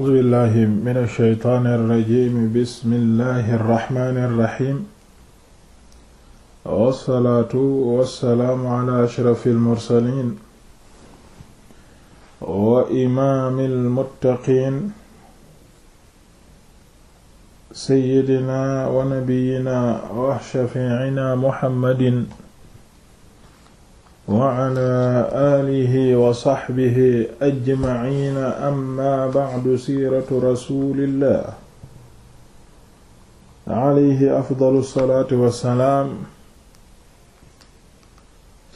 a'uuzu billahi mina shaytaani rajiim bismillahi rahmaani rahiim wassalaatu wassalaamu ala ashrafil mursaliin wa imaamil muttaqiin sayyidinaa wa nabiyyinaa wa shafii'inaa muhammadin wala alihi wa saxbihi ajmaciina amma bacdu siiratu rasulillah alayhi afdalu salaatu wassalaam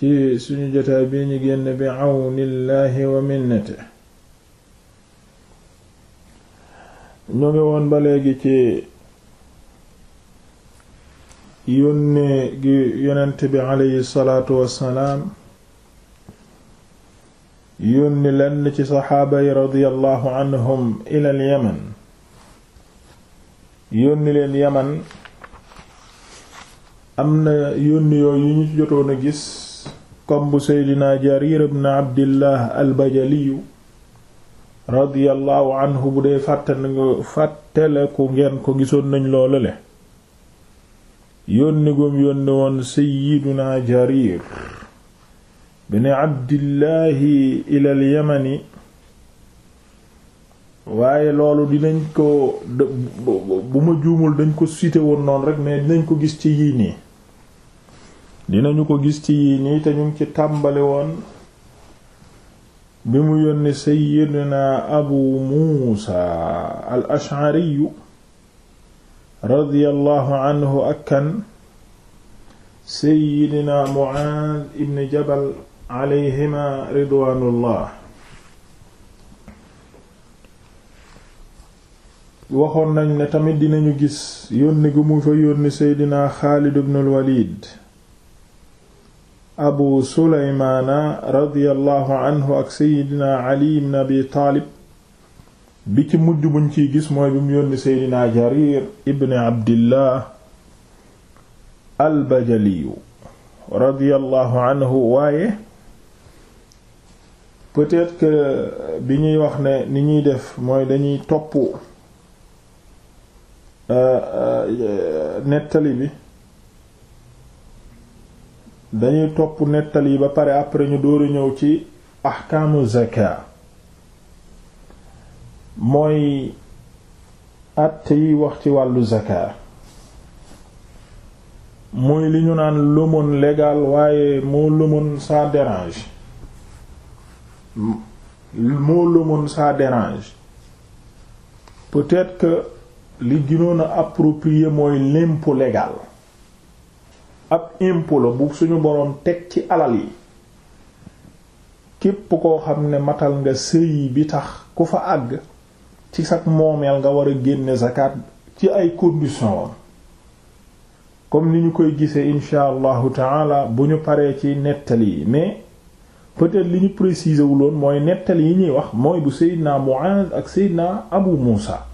ci suñu jotaay bi ñu génn bi cawnillahi wa minnate ñu ngi woon ba léegi ci yónnee gi yonent bi alayhi salaatu wassalaam yónni lenn ci saxaaba yi radiyallahu anhum ilal yónni leen yaman am na yónni yooyu yu ñu jotoon a gis comme bu seydina jarir ibn abdillah al bajaliyu radiyallahu anhu bu dee fàttali nga fàttale ku ngeen ko gisoon nañ loolale yónni gum yónni woon seydina jarir bni abdillahi ila alyamani waaye loolu dinañ ko bu ma juumul dañ ko cité woon noonu rek mais dinañ ko gis ci yii nii dinañu ko gis ci yii nii te ñu ngi ci tàmbali woon bi mu yónni sayyidina abu muusa al ashariyu radiyallahu anhu akkan sayyidina muaad ibn jabal alayhima waxoon nañ ne tamit dinañu gis yónni gu mu fa yónni seydina xaalid bnul walid abu suleymaana radiyallahu ak seydina ali bn abi taalib bi ci mujj buñ ciy gis mooy bi mu yónni seydina jarir ibn abdillah albajaliyu radiyallahu anhu waaye peut-être que bi ñuy wax ne ni ñuy def mooy dañuy topp euh, euh, nettali bi dañuy topp nettali yi ba pare après ñu dóoru ñëw ci ahkaamu zaka mooy àtte yi wax ci wàllu zaka mooy li ñu naan l'aumône légale waaye moo l'aumône ça dérange moo lëmoon ça dérange peut-être que li gënoon a approprié mooy l'impôt légal ab impôt la bu suñu boroom teg ci alal yi képp koo xam ne matal nga sëy bi tax ku fa àgg ci sag moomeel nga war a génne zakat ci ay conditions comme ni ñu koy gisee incha allahu taala bu ñu paree ci nettali yi mais peut-être li ñu préciser wuloon mooy nettali yi ñuy wax mooy bu Seydina Muaz ak Seydina Abu Muusa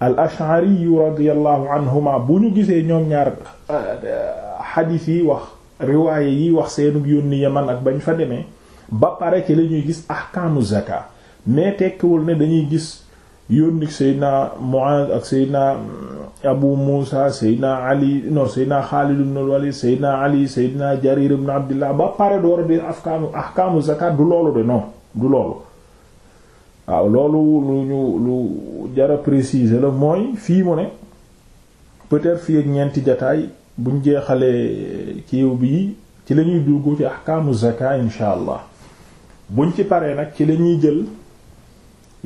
al ashari radiyallahu anhuma bu ñu gisee ñoom ñaar euh, xadiis yi wax riwaaye yi wax seenug yónni Yaman ak bañ fa demee ba pare ci la ñuy gis ahkaamu zaka mais tekkiwul ne dañuy gis yónni seydna Muaz ak seydna Abu Musa seydna Ali non seydna Xaalid ibn Walid seydna Ali seydna Jarir ibn Abdillah ba pare door a di afkaamu ahkaamu zakat du loolu de non du loolu waaw loolu lu ñu lu jara préciser la mooy fii mu ne peut-être fii ak ñeenti jataay buñ jeexalee kiiw bi ci la ñuy dugg ci ahkaamu zakat insha allah buñ ci pare nag ci lañuy jël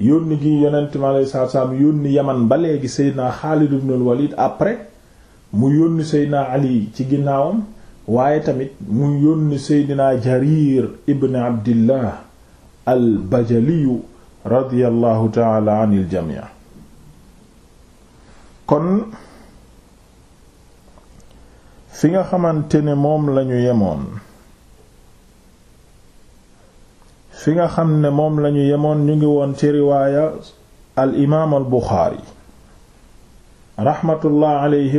yónni gi yonent mi alayhi yónni yaman ba léegi seydina Xaalid ibnul Walid après mu yónni seydina Ali ci ginnaawam waaye tamit mu yónni seydina Jarir ibn Abdillah al Bajaliyu radiyallahu taala anil jamii kon fi nga xamante ne moom lañu yemoon fi nga xam ne moom lañu yemoon ñu ngi woon ci riwaaya al imaam al buxaari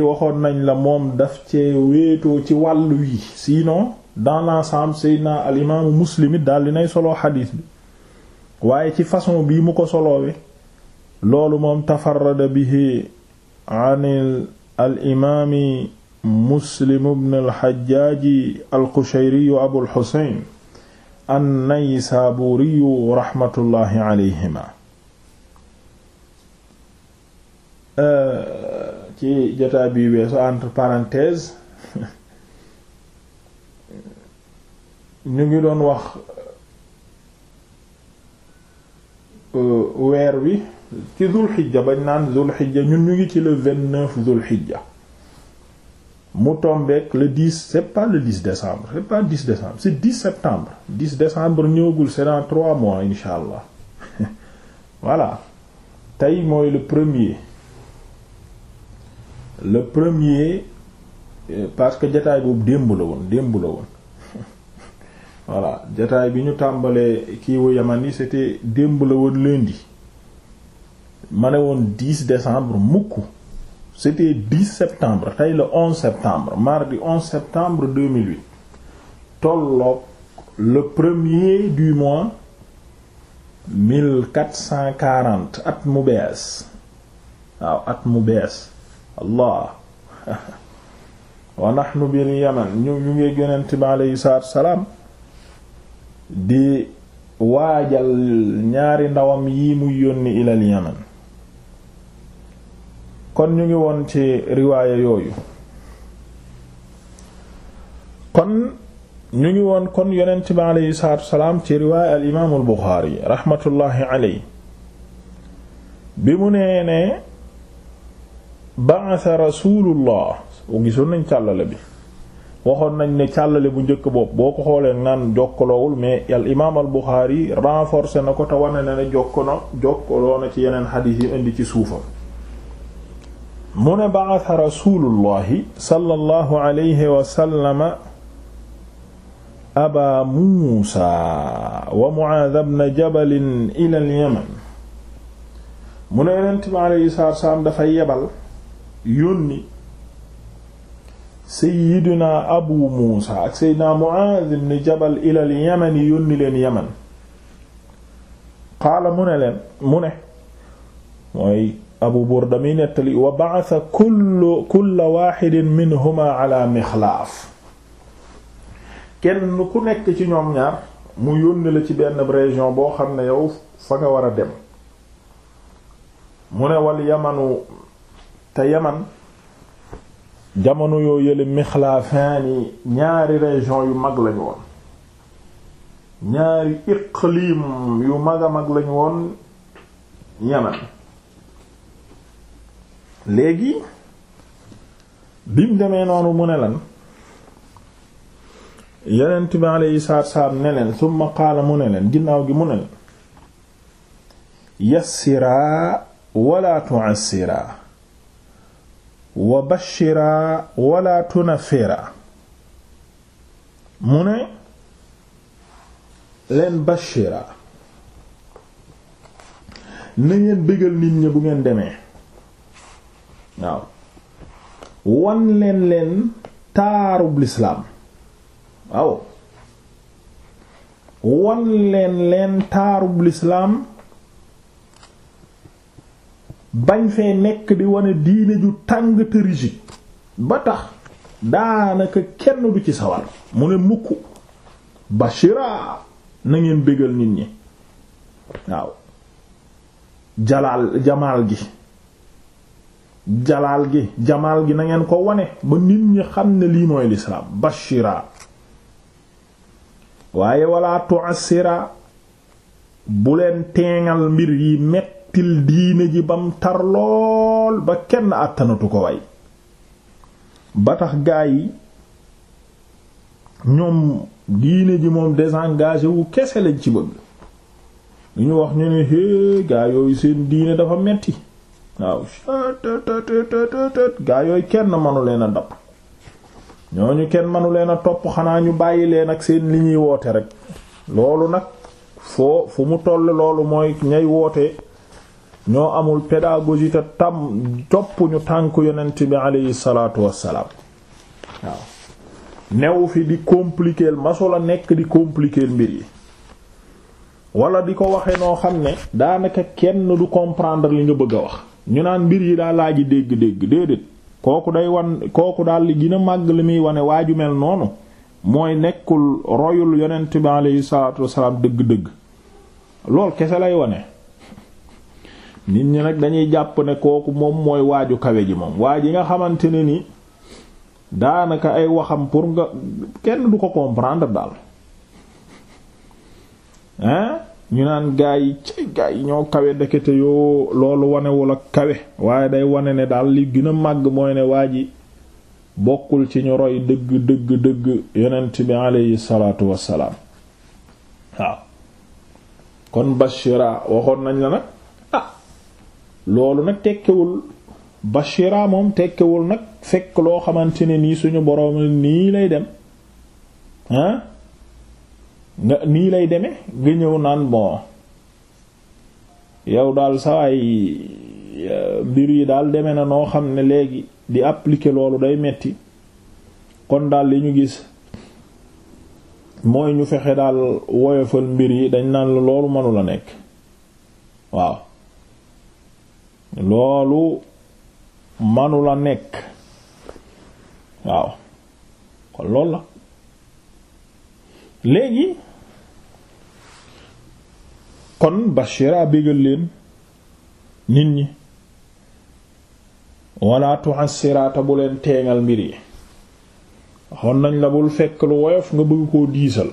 waxoon nañ la moom daf cee wéetoo ci wàll wi sinon dans l'ensemble seydna al imaamu muslim daal di nay soloo xadiis bi waaye ci façon bii mu ko soloowe loolu moom tafarrada bihi an al imaami muslim ibn al xajjaaji an-Naysaburiyu raxmatullaahi alayhima ci jotaay bi weesu entre parenthèses ñu ngi doon wax euh, weer wi ci Zulxijja bañ naan Zulxijja ñun ñu ngi ci la vingt-neuf Zulxijja mu tombeek le 10 c'est pas le 10 décembre c'est pas 10 décembre c'est 10 septembre 10 décembre ñëwagul c'est dans trois mois insha allah voilà tey mooy le premier le premier euh, parce que jataay boobu démb la woon démb la woon voilà jataay bi ñu tàmbalee kiiwu yaman yi c'était démb la woon lundi ma ne woon 10 décembre mukk c'était 10 septembre tey le 11 septembre mardi 11 septembre 2008 tolloog le premier du mois 1440 at mu bees waaw at mu bees allah wa nahnu lu yaman ñu ñu ngi yonent bi aleyhi salaam di waajal ñaari ndawam yi muy yónni ilal yaman kon ñu ngi woon ci riwaaya yooyu kon ñu ngi woon kon yonent bi aleyhi salaatu wasalaam ci riwaaya al imaamu al buxaari raxmatullaahi aleyhi bi mu nee ne ba'atha rasuulullah u gisoon nañ càllale bi waxoon nañ ni càllale bu njëkk bopp boo ko xoolee naan jokkalowul mais al imaam al buxaari renforcé na ko te wane na ne jokkoo na jokkaloo na ci yeneen xadiis yi indi ci suufam mu ne ba'atha rasulullahi sallallahu alayhi wa sallama aba muusa wa Mu'aadh ibn Jabal ila al-Yaman mu ne yonent bi alayhi salaatu salaam dafa yebal yónni sayyidina abu muusa ak sayyidina Mu'aadh ibn Jabal ila al-Yaman yónni leen Yaman qaala mu ne leen mu ne mooy abu burda mi nettali wa ba'atha kullu kulla waahidin minhuma ala mixlaaf kenn ku nekk ci ñoom ñaar mu yónni la ci benn région boo xam ne yow fa nga war a dem mu ne wal yamanu te yaman jamono yoo yële mixlaafaani ñaari région yu mag lañu woon ñaari iqlim yu mag a mag lañu woon yaman léegi bi mu demee noonu mu ne lan yonent bi alayhi salaatu salaam ne leen summa qaala mu ne leen ginnaaw gi mu ne leen yassiraa wala tu'assiraa wa bashiraa wala tunaffiraa mu ne leen bashiraa na ngeen bégal nit ñi bu ngeen demee waaw wan leen leen taarub lislaam waaw wan leen leen taarub lislaam bañ fee nekk di wane diine ju tàng te rigide ba tax daanaka kenn du ci sawar mu ne mukk bashira na ngeen bégal nit ñi waaw jalaal jamaal gi jalaal gi jamaal gi nangeen ko wone ba nit ñi xam ne lii mooy lislaam bashira waaye wala tu'assira bu leen teengal mbir yi mettil diine ji bam tar lool ba kenn àttanatu ko way ba tax gaa yi ñoom diine ji moom désengagé wu kese lañ ci bëgg lu ñu wax ñu ne hé gaa yooyu seen diine dafa metti waaw gaa yooyu kenn manu leen a dab ñooñu kenn manu leen a topp xanaa ñu bàyyi leen ak seen li ñuy woote rek loolu nag foo fu mu toll loolu mooy ñay woote ñoo amul pédagogie te tam topp ñu tànk yonent bi alayhi salaatu wassalaam waaw new fi di compliquer masula nekk di compliquer mbir yi wala di ko waxe noo xam ne daanaka kenn du comprendre li nga bëgg wax ñu naan mbir yi daa laaji dégg-dégg déedéet kooku day wan kooku daal li gën màgg li muy wane waaju mel noonu mooy nekkul royul yonent bi aleyhi salaatu wasalaam dëgg-dëgg lool kese lay wane nit ñi nag dañuy jàpp ne kooku moom mooy waaju kawe ji moom waa ji nga xamante ne ni daanaka ay waxam pour nga kenn du ko comprendre daal hein ñu naan gaa yi ci gaa yi ñoo kawe ndekete yoo loolu wanewul ak kawe waaye day wane ne daal li gën a màgg mooy ne waa ji bokkul ci ñu roy dëgg dëgg dëgg yonent bi aleyhi salaatu wassalaam waaw kon bashira waxoon nañ la nag ah loolu nag tekkewul bashira moom tekkewul nag fekk loo xamante ni nii suñu boroom nii lay dem ah na nii lay deme nga ñëw naan bon yow daal sawaay mbir yi daal deme na noo xam ne léegi di appliquer loolu day metti kon daal li ñu gis mooy ñu fexe daal woyofal mbir yi dañ naan la loolu mënu nekk waaw loolu mënu nekk waaw kon loolu la léegi kon bashira bégal leen nit ñi wala tu'assirata bu leen teeŋal mbir yi xon nañ la bul fekk lu woyof nga bëgg koo diisal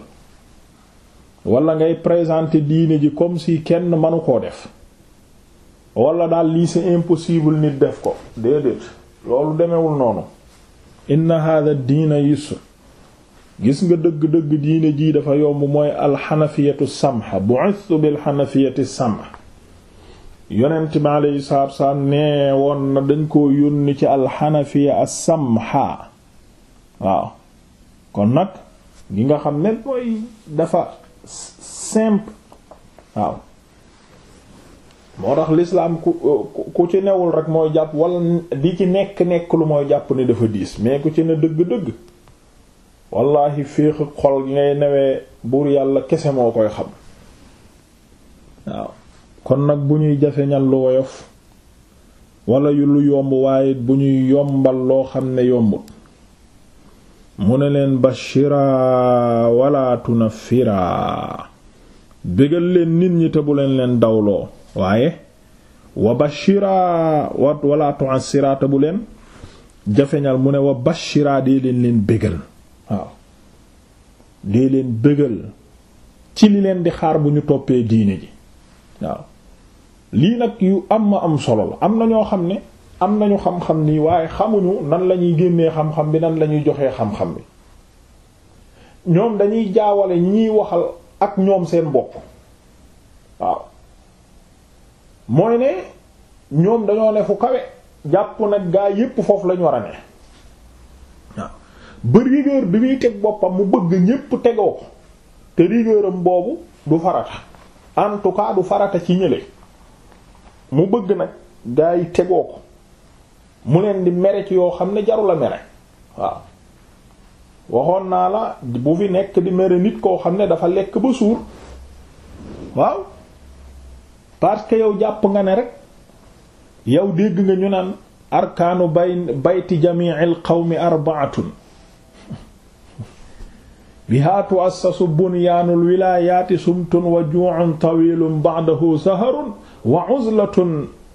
wala ngay présenter diine ji comme ci kenn mënu koo def wala daal lii c'est impossible nit def ko déedéet loolu demewul noonu inna hadha dina yusr gis nga dëgg-dëgg diine jii dafa yomb mooy alxanafiyatu samha bu'ithu bil xanafiyati samha yonent bi aleyhi salaatu wasalaam nee woon na dañ koo yónni ci alxanafiya as-samha waaw kon nag gi nga xam ne mooy dafa simple waaw moo tax lislaam ku ku ci newul rek mooy jàpp wala di ci nekk nekk lu mooy jàpp ne dafa diis mais ku ci ne dëgg-dëgg wallahi féex xol gi ngay newee buur yàlla kese moo koy xam waaw kon nag bu ñuy jaseñal lu woyof wala lu yomb waaye bu ñuy yombal loo xam ne yombut mu ne leen bashiraa wala tunafiraa bégal leen nit ñi te bu leen leen dawloo waaye wa bashiraa wa wala tu'assiraa te bu leen jafeñal mu ne wa bashiraa dee leen leen bégal dee leen bëggal ci li leen di xaar bu ñu toppee diine ji waaw lii nag yu am ma am solo am na ñoo xam ne am nañu xam-xam nii waaye xamuñu nan la ñuy génnee xam-xam bi nan la ñuy joxee xam-xam bi ñoom dañuy jaawale ñuy waxal ak ñoom seen bopp waaw mooy ne ñoom dañoo ne fu kawe jàpp nag gaa yépp foofu lañu war a ne ba rigueur bi muy teg boppam mu bëgg ñépp tegoo ko te rigueuram boobu du farata en farata ci ñële mu bëgg nag gaa yi tegoo ko mu leen di mere ci yoo xam ne jarula a mere waaw waxoon naa la bu fi nekk di mere nit koo xam ne dafa lekk ba suur waaw parce que yow jàpp nga ne rek yow dégg nga ñu naan arkaanu bay bayti jami'il qawmi arbaatun biha tuassasu bunyaanul wilaayaati sumtun wa juu'un tawiilun ba'dahu saharun wa 'uzlatun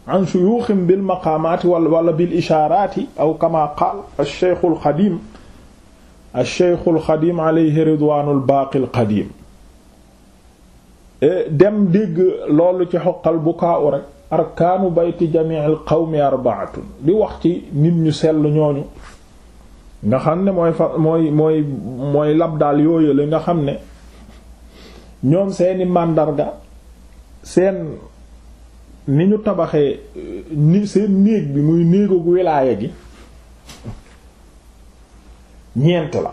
an shuyuukhin bil maqaamaati wala bil ishaaraati aw kamaa qaala ash-shaykhul xadiim ash-shaykhul xadiim alayhi ridwaanul baaqil qadiim dem dégg loolu ci xoqal bukaa'u rek arkaanu bayti jamii'il qawmi arba'atun di wax ci nit ñu sell ñooñu nga xam ne mooy fa mooy mooy mooy lab daal yooyu la nga xam ne ñoom seeni màndarga seen ni ñu tabaxee ni seen néeg bi muy néegu wilaaya gi ñeent la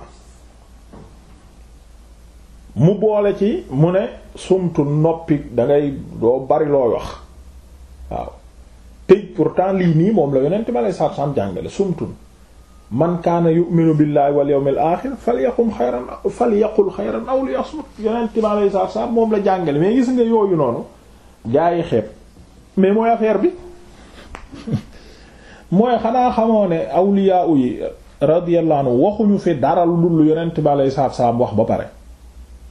mu boole ci mu ne sumtu noppi dangay doo bari looy wax waaw tëj pourtant lii nii moom la yonent ma lay saab saam jàngale sumtun man kaana yu'minu billahi wal yawmil aaxir falyaqum xayran falyaqul xayran aw liyasmut yonent bi alayhi salaatu salaam moom la jàngale mais gis nga yooyu noonu gaa yi xeeb mais mooy affaire bi mooy xanaa xamoo ne awliyaa yi radiyallahu anhu waxuñu fi dara lu dul yonent bi alayhi salaatu salaam wax ba pare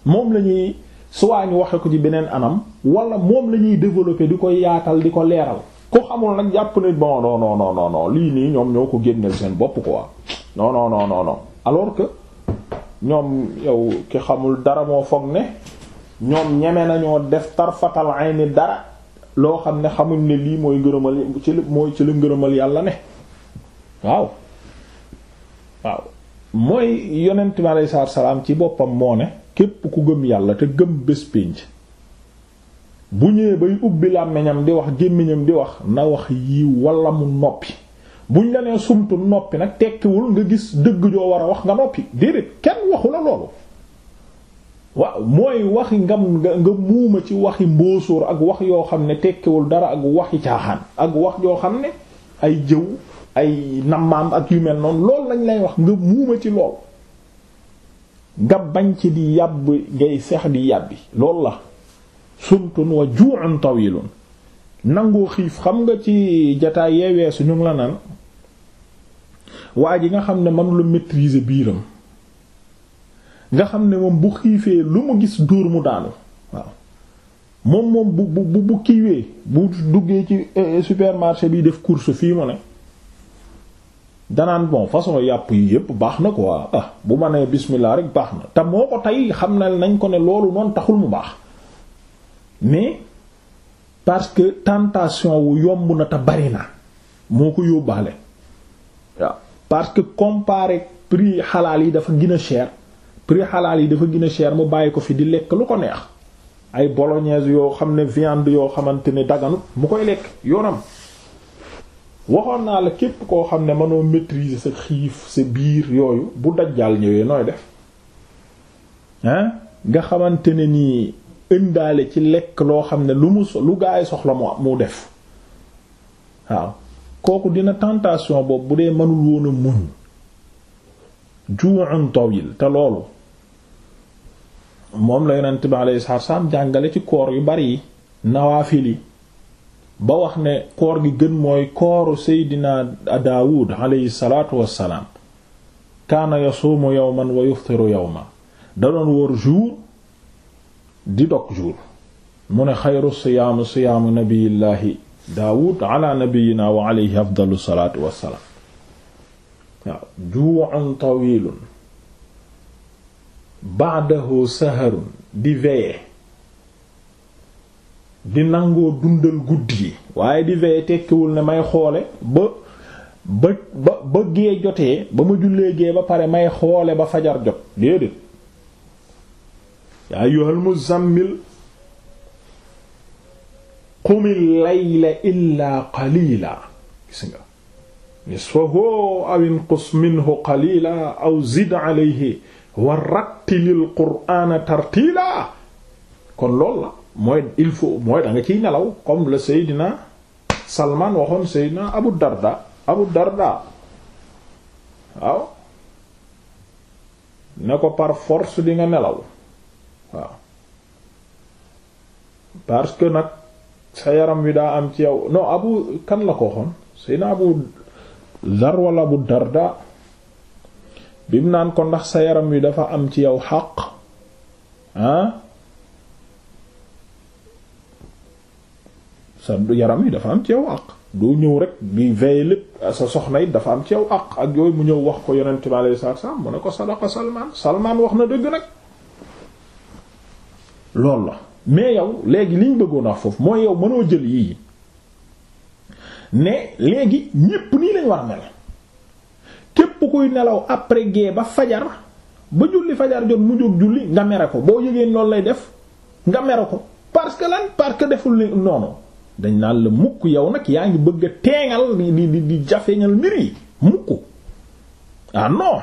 moom lañuy ñuy suwaa ñu ko ci beneen anam wala moom la ñuy développer di ko yaatal di ko leeral ku xamul nag jàpp ne bon non non non non lii nii ñoom ñoo ko génneel seen bopp ko non non non non non alors que ñoom yow ki xamul dara moo foog ne ñoom ñeme nañoo def tarfatal ayni dara loo xam ne xamul ne lii mooy ngërëmal ci ci la ngërëmal yàlla ne waaw waaw mooy yonent mi alayhi salaam ci boppam moo ne képp ku gëm yàlla te gëm bés pénc bu ñëwee bay ubbi làmmiñam di wax gémmiñam di wax na wax yi wala mu noppi buñ la nee noppi nag tekkiwul nga gis dëgg joo wax nga noppi déedéet waxu la loolu waaw mooy waxi ngam nga nga muuma ci ak wax yoo xam ne tekkiwul dara ak waxi caaxaan ak wax yoo xam ne ay jëw ay nammaam ak yu mel noonu loolu lañ lay wax nga muuma ci lool nga bañ ci di yàbb ngay seex di yàbbi loolu la sultun wa ju'un tawilun nangoo xiif xam nga ci jataay yee weesu ñu la naan waa ji nga xam ne man lu maîtriser biiram nga xam ne moom bu xiifee lu mu gis dóor mu daanu waaw moom moom bu bu bu kiiwee bu duggee ci eh, eh, supermarché bi def course fii mu ne danaan bon façon yàpp yi yépp baax na quoi ah bu ma nee bismillah rek baax na te moo ko tey xam na nañ ko ne loolu noonu taxul mu baax mais parce que tentation wu yomb na te bari na moo ko yóbbaale waaw parce que comparé prix xalaal yi dafa gin a cher prix xalaal yi dafa gin a cher mu bàyyi ko fi di lekk lu ko neex ay bolognaise yoo xam ne viande yoo xamante ne daganut mu koy lekk yoonam waxoon naa la képp koo xam ne manoo maîtriser sa xiif sa biir yooyu bu dajjaal ñëwee nooy def hein nga xamante ne nii indaale ci lekk loo xam ne lu mu lu gaay soxla mu mu def waaw kooku dina tentation boobu bu dee mënul woon a muñ ju'un tawil te loolu moom la yonent bi alayhi salaatu jàngale ci koor yu bari yi ba wax ne koor gi gën mooy kooru seydina daawud alayhi salaatu wassalaam kaana yasuumu yawman wa yuftiru yawman da doon wóor jour di dog jour mu ne xayru siyaamu siyaamu nabiyillahi daawud ala nabiyina wa alayhi afdalu salaatu wassalaam waaw juu'un tawilun ba'dahu saharun di veiller di nangoo dundal guddi yi waaye di veiller tekkiwul ne may xoole ba ba ba ba gee jotee ba ma jullee gee ba pare may xoole ba fajar jot déedéet yaa ayyuhal muzzammil qumil layla illaa qalila gis nga nisfahu aw inqus minhu qalila aw zid alayhi wa rattilil qur'aana tartiila kon loolu la mooy il faut mooy da nga nelaw comme le Seydina Salman waxoon Seydina Abu Darda Abu Darda ko par force dinga nelaw waaw parce que nag sa yaram wi daa am ci yaw non abu kan la ko waxoon sayna abu dar wala abu darda bim naan ko ndax sa yaram wi dafa am ci yow xaq ah sa yaram wi dafa am ci yow xaq doo ñëw rek bi veillé lépp sa soxna it dafa am ci yow àq ak yooyu mu ñëw wax ko yonent bi alayhi salaatu salaam mu ne ko sadaqa Salmaan Salmaan wax na dëgg nag loolu la mais yow léegi liñ ñu bëggoon a foofu mooy yow mënoo jël yii ne léegi ñépp nii lañ wax a mel képp kuy nelaw après gée ba fajar ba julli fajar jot mu julli nga mere ko boo yëgee loolu lay def nga mere ko parce que lan parce que deful li noonu dañ naan la mukk yow nag yaa ngi bëgg a teengal di di di jafeñal mbir yi mukk ah non.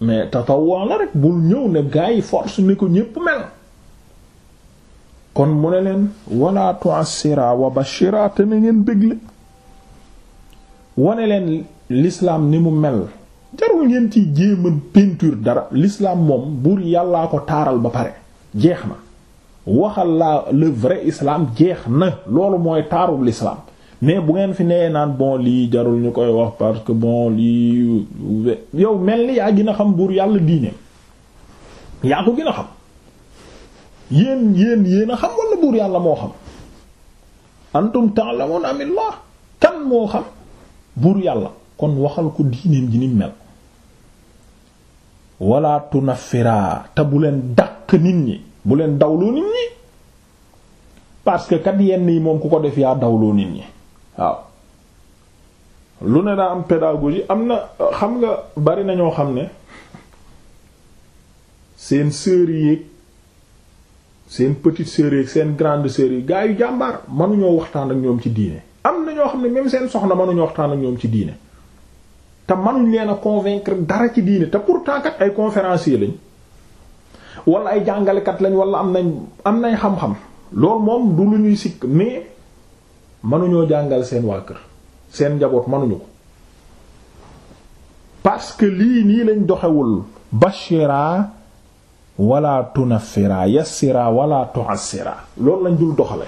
mais tatawwu la rek bul ñëw ne gaa yi force ni ko ñépp mel kon mu ne leen wala tu'assira wa bashira te na ngeen bégle wane leen l'islam ni mu mel jarul ngeen ci jéeman peinture dara lislaam moom buur yàllaa ko taaral ba pare jeex na waxal la le vrai jeex na loolu mooy taaru l'islam mais bu ngeen fi nee naan bon lii jarul ñu koy wax parce que bon lii yow mel ni yaa gën a xam buur yàlla diine yaa ko gën a xam yéen yéen xam wala buur yàlla moo xam antum ta'lamun amillah kan moo xam yàlla kon waxal ko diineem ji ni mel wala tunafira te bu leen dàq nit ñi bu leen dawloo nit ñi parce que kat yenn yi moom ku ko def yaa dawloo nit ñi waaw lu ne daa am pédagogie am na xam nga bari na ñoo xam ne seen sœurs yi seen petite sœurs yi seen grande sœurs yi gaa yu jàmbaar mënuñoo waxtaan ak ñoom ci diine am na ñoo xam ne même seen soxna mënuñoo waxtaan ak ñoom ci diine te mënuñ leen a convaincre dara ci diine te pour kat ay conférenciers lañ wala ay jàngalekat lañ wala am nañ am nañ xam-xam loolu moom du lu ñuy sikk mais. mënuñoo jàngal seen waa kër seen njaboot mënuñu ko parce que lii nii lañ doxewul bashira wala tunafira yassira wala tu'assira loolu lañ dul doxale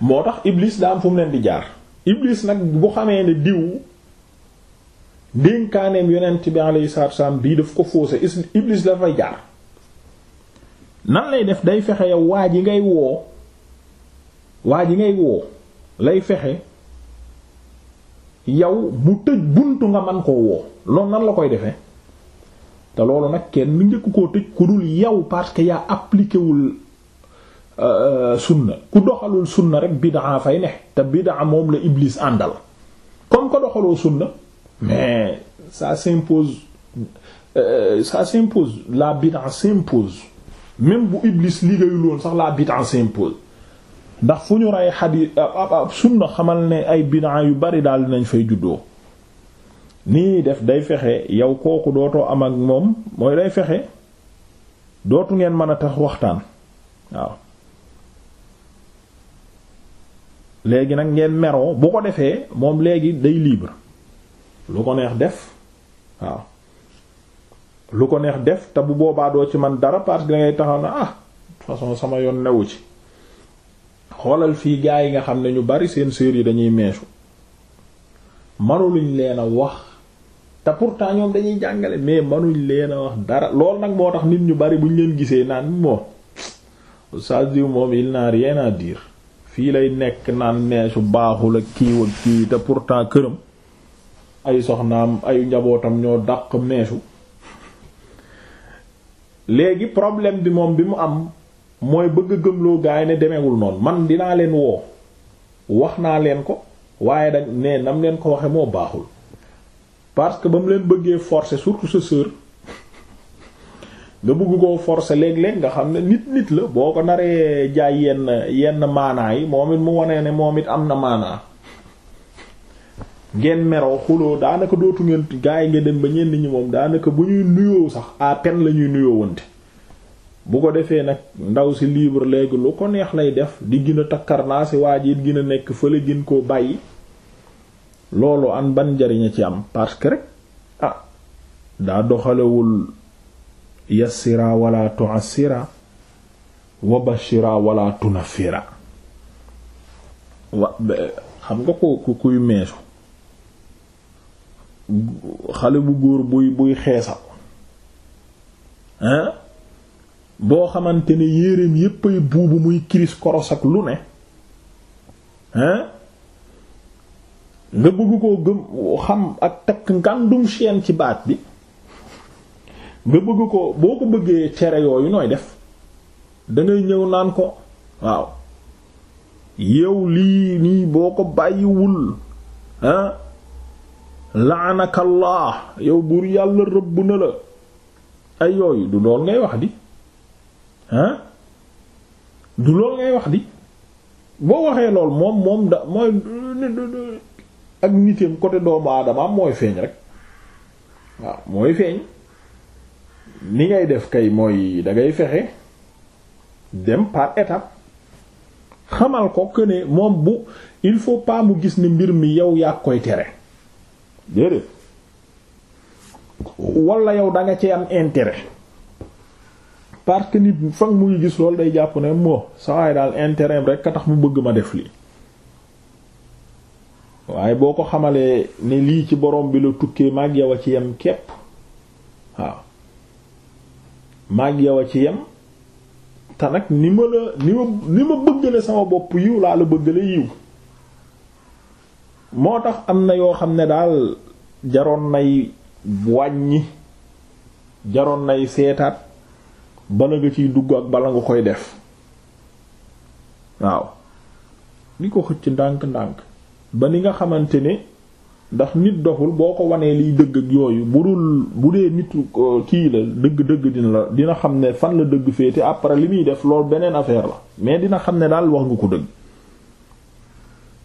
moo tax iblis daa am leen di jaar iblis nag bu xamee ne diw dénkaaneem yonent bi alayhi salaatu wasallam bii daf ko faussé iblis dafay jaar nan lay def day fexe yow waa ji ngay woo waa ji ngay woo lay fexe yow bu tëj buntu nga man koo woo loolu nan la koy defee te loolu nag kenn njëkk koo tëj ku dul yow parce que yaa appliqué wul euh, sunna ku doxalul sunna rek bid'a fay ne te bid'a moom la Iblis àndal comme ko doxaloo sunna mais ça s'impose euh, ça s'impose la bid'a s'impose même bu Iblis liggéeyul woon sax la bid'a s'impose ndax fu ñu rey xadis ab sunna xamal ne ay bidaa yu bari daal dinañ fay juddoo nii def day fexe yow kooku dootoo am ak moom mooy day fexe dootu ngeen mën a tax waxtaan waaw léegi nag ngeen meroo bu ko defee moom léegi day libre lu ko neex def waaw lu ko neex def te bu boobaa doo ci man dara parce que ngay taxaw na ah façon sama yoon newu ci xoolal fii gaa yi nga xam ne ñu bari seen sœurs yi dañuy meesu mënuluñ leen a wax te pourtant ñoom dañuy jàngale mais mënuñ leen a wax dara lool nag moo tax nit ñu bari buñ leen gisee naan moom Oustaz Diouf moom il naar rien à dire fii lay nekk naan meesu baaxul ak kiiw ak kii te pourtant këram ay soxnaam ay njabootam ñoo daq meesu léegi problème bi moom bi mu am mooy bëgg gëmloo gaay ne demewul noonu man dinaa leen woo wax naa leen ko waaye dañ ne nam leen ko waxe moo baaxul parce que ba mu leen bëggee forcer surtout sa sœur nga bëgg koo forcer léeg-léeg nga xam ne nit nit la boo ko naree jaay yenn yenn maanaa yi moom it mu wanee ne moom it am na maanaa ngeen meroo xuloo daanaka dootu ngeen gaa yi nga dem ba ñenn ñi moom daanaka bu ñuy nuyoo sax à peine la ñuy nuyoo wante bu ko defee nag ndaw si libre léegi lu ko neex lay def di gën a takkarnaasi waa ji it nekk fële gën koo bàyyi loolu an ban njariñ ci am parce que rek ah daa doxalewul yassira wala tu'assira wa xam nga ko ku kuy meesu xale bu góor buy buy xeesal hein boo xamante ne yéreem yépp ay buubu muy kiris koros ak lu ne hein nga bëgg koo gëm xam ak takk ngàndum seen ci baat bi nga bëgg ko boo ko bëggee cere yooyu nooy def dangay ñëw naan ko waaw yow lii nii boo ko bàyyiwul ah laanaka yow buur yàlla rëbb na la ay yooyu du lool ngay wax di ah du loolu ngay wax di boo waxee lool moom moom da mooy ak nitam côté doomu aadama mooy feeñ rek waaw mooy feeñ ni ngay def kay mooy dangay fexe dem par étape xamal ko que ne moom bu il faut pas mu gis ni mbir mi yow yaa koy tere déedéet wala yow da nga ci am intérêt parce que nit fag muy gis loolu day jàpp ne moo sa daal intérêt rek ka tax mu bëgg ma def lii waaye boo ko xamalee ne lii ci borom bi la tukkee maag yow a ci yem kepp waaw maag yow a ci yem te nag ni ma la ni ma bëggale sama bopp yiw laa la bëggale yiw moo tax am na yoo xam ne daal jaroon nay wàññi jaroon nay seetaat bala nga ciy dugg ak bala nga koy def waaw di ko xëcc ndànk-ndànk ba ni nga xamante ne ndax nit doful boo ko wanee liy dëgg ak yooyu bu dul bu dee nit kii la dëgg-dëgg dina la dina xam ne fan la dëgg féete après li muy def loolu beneen affaire la mais dina xam ne daal wax nga ko dëgg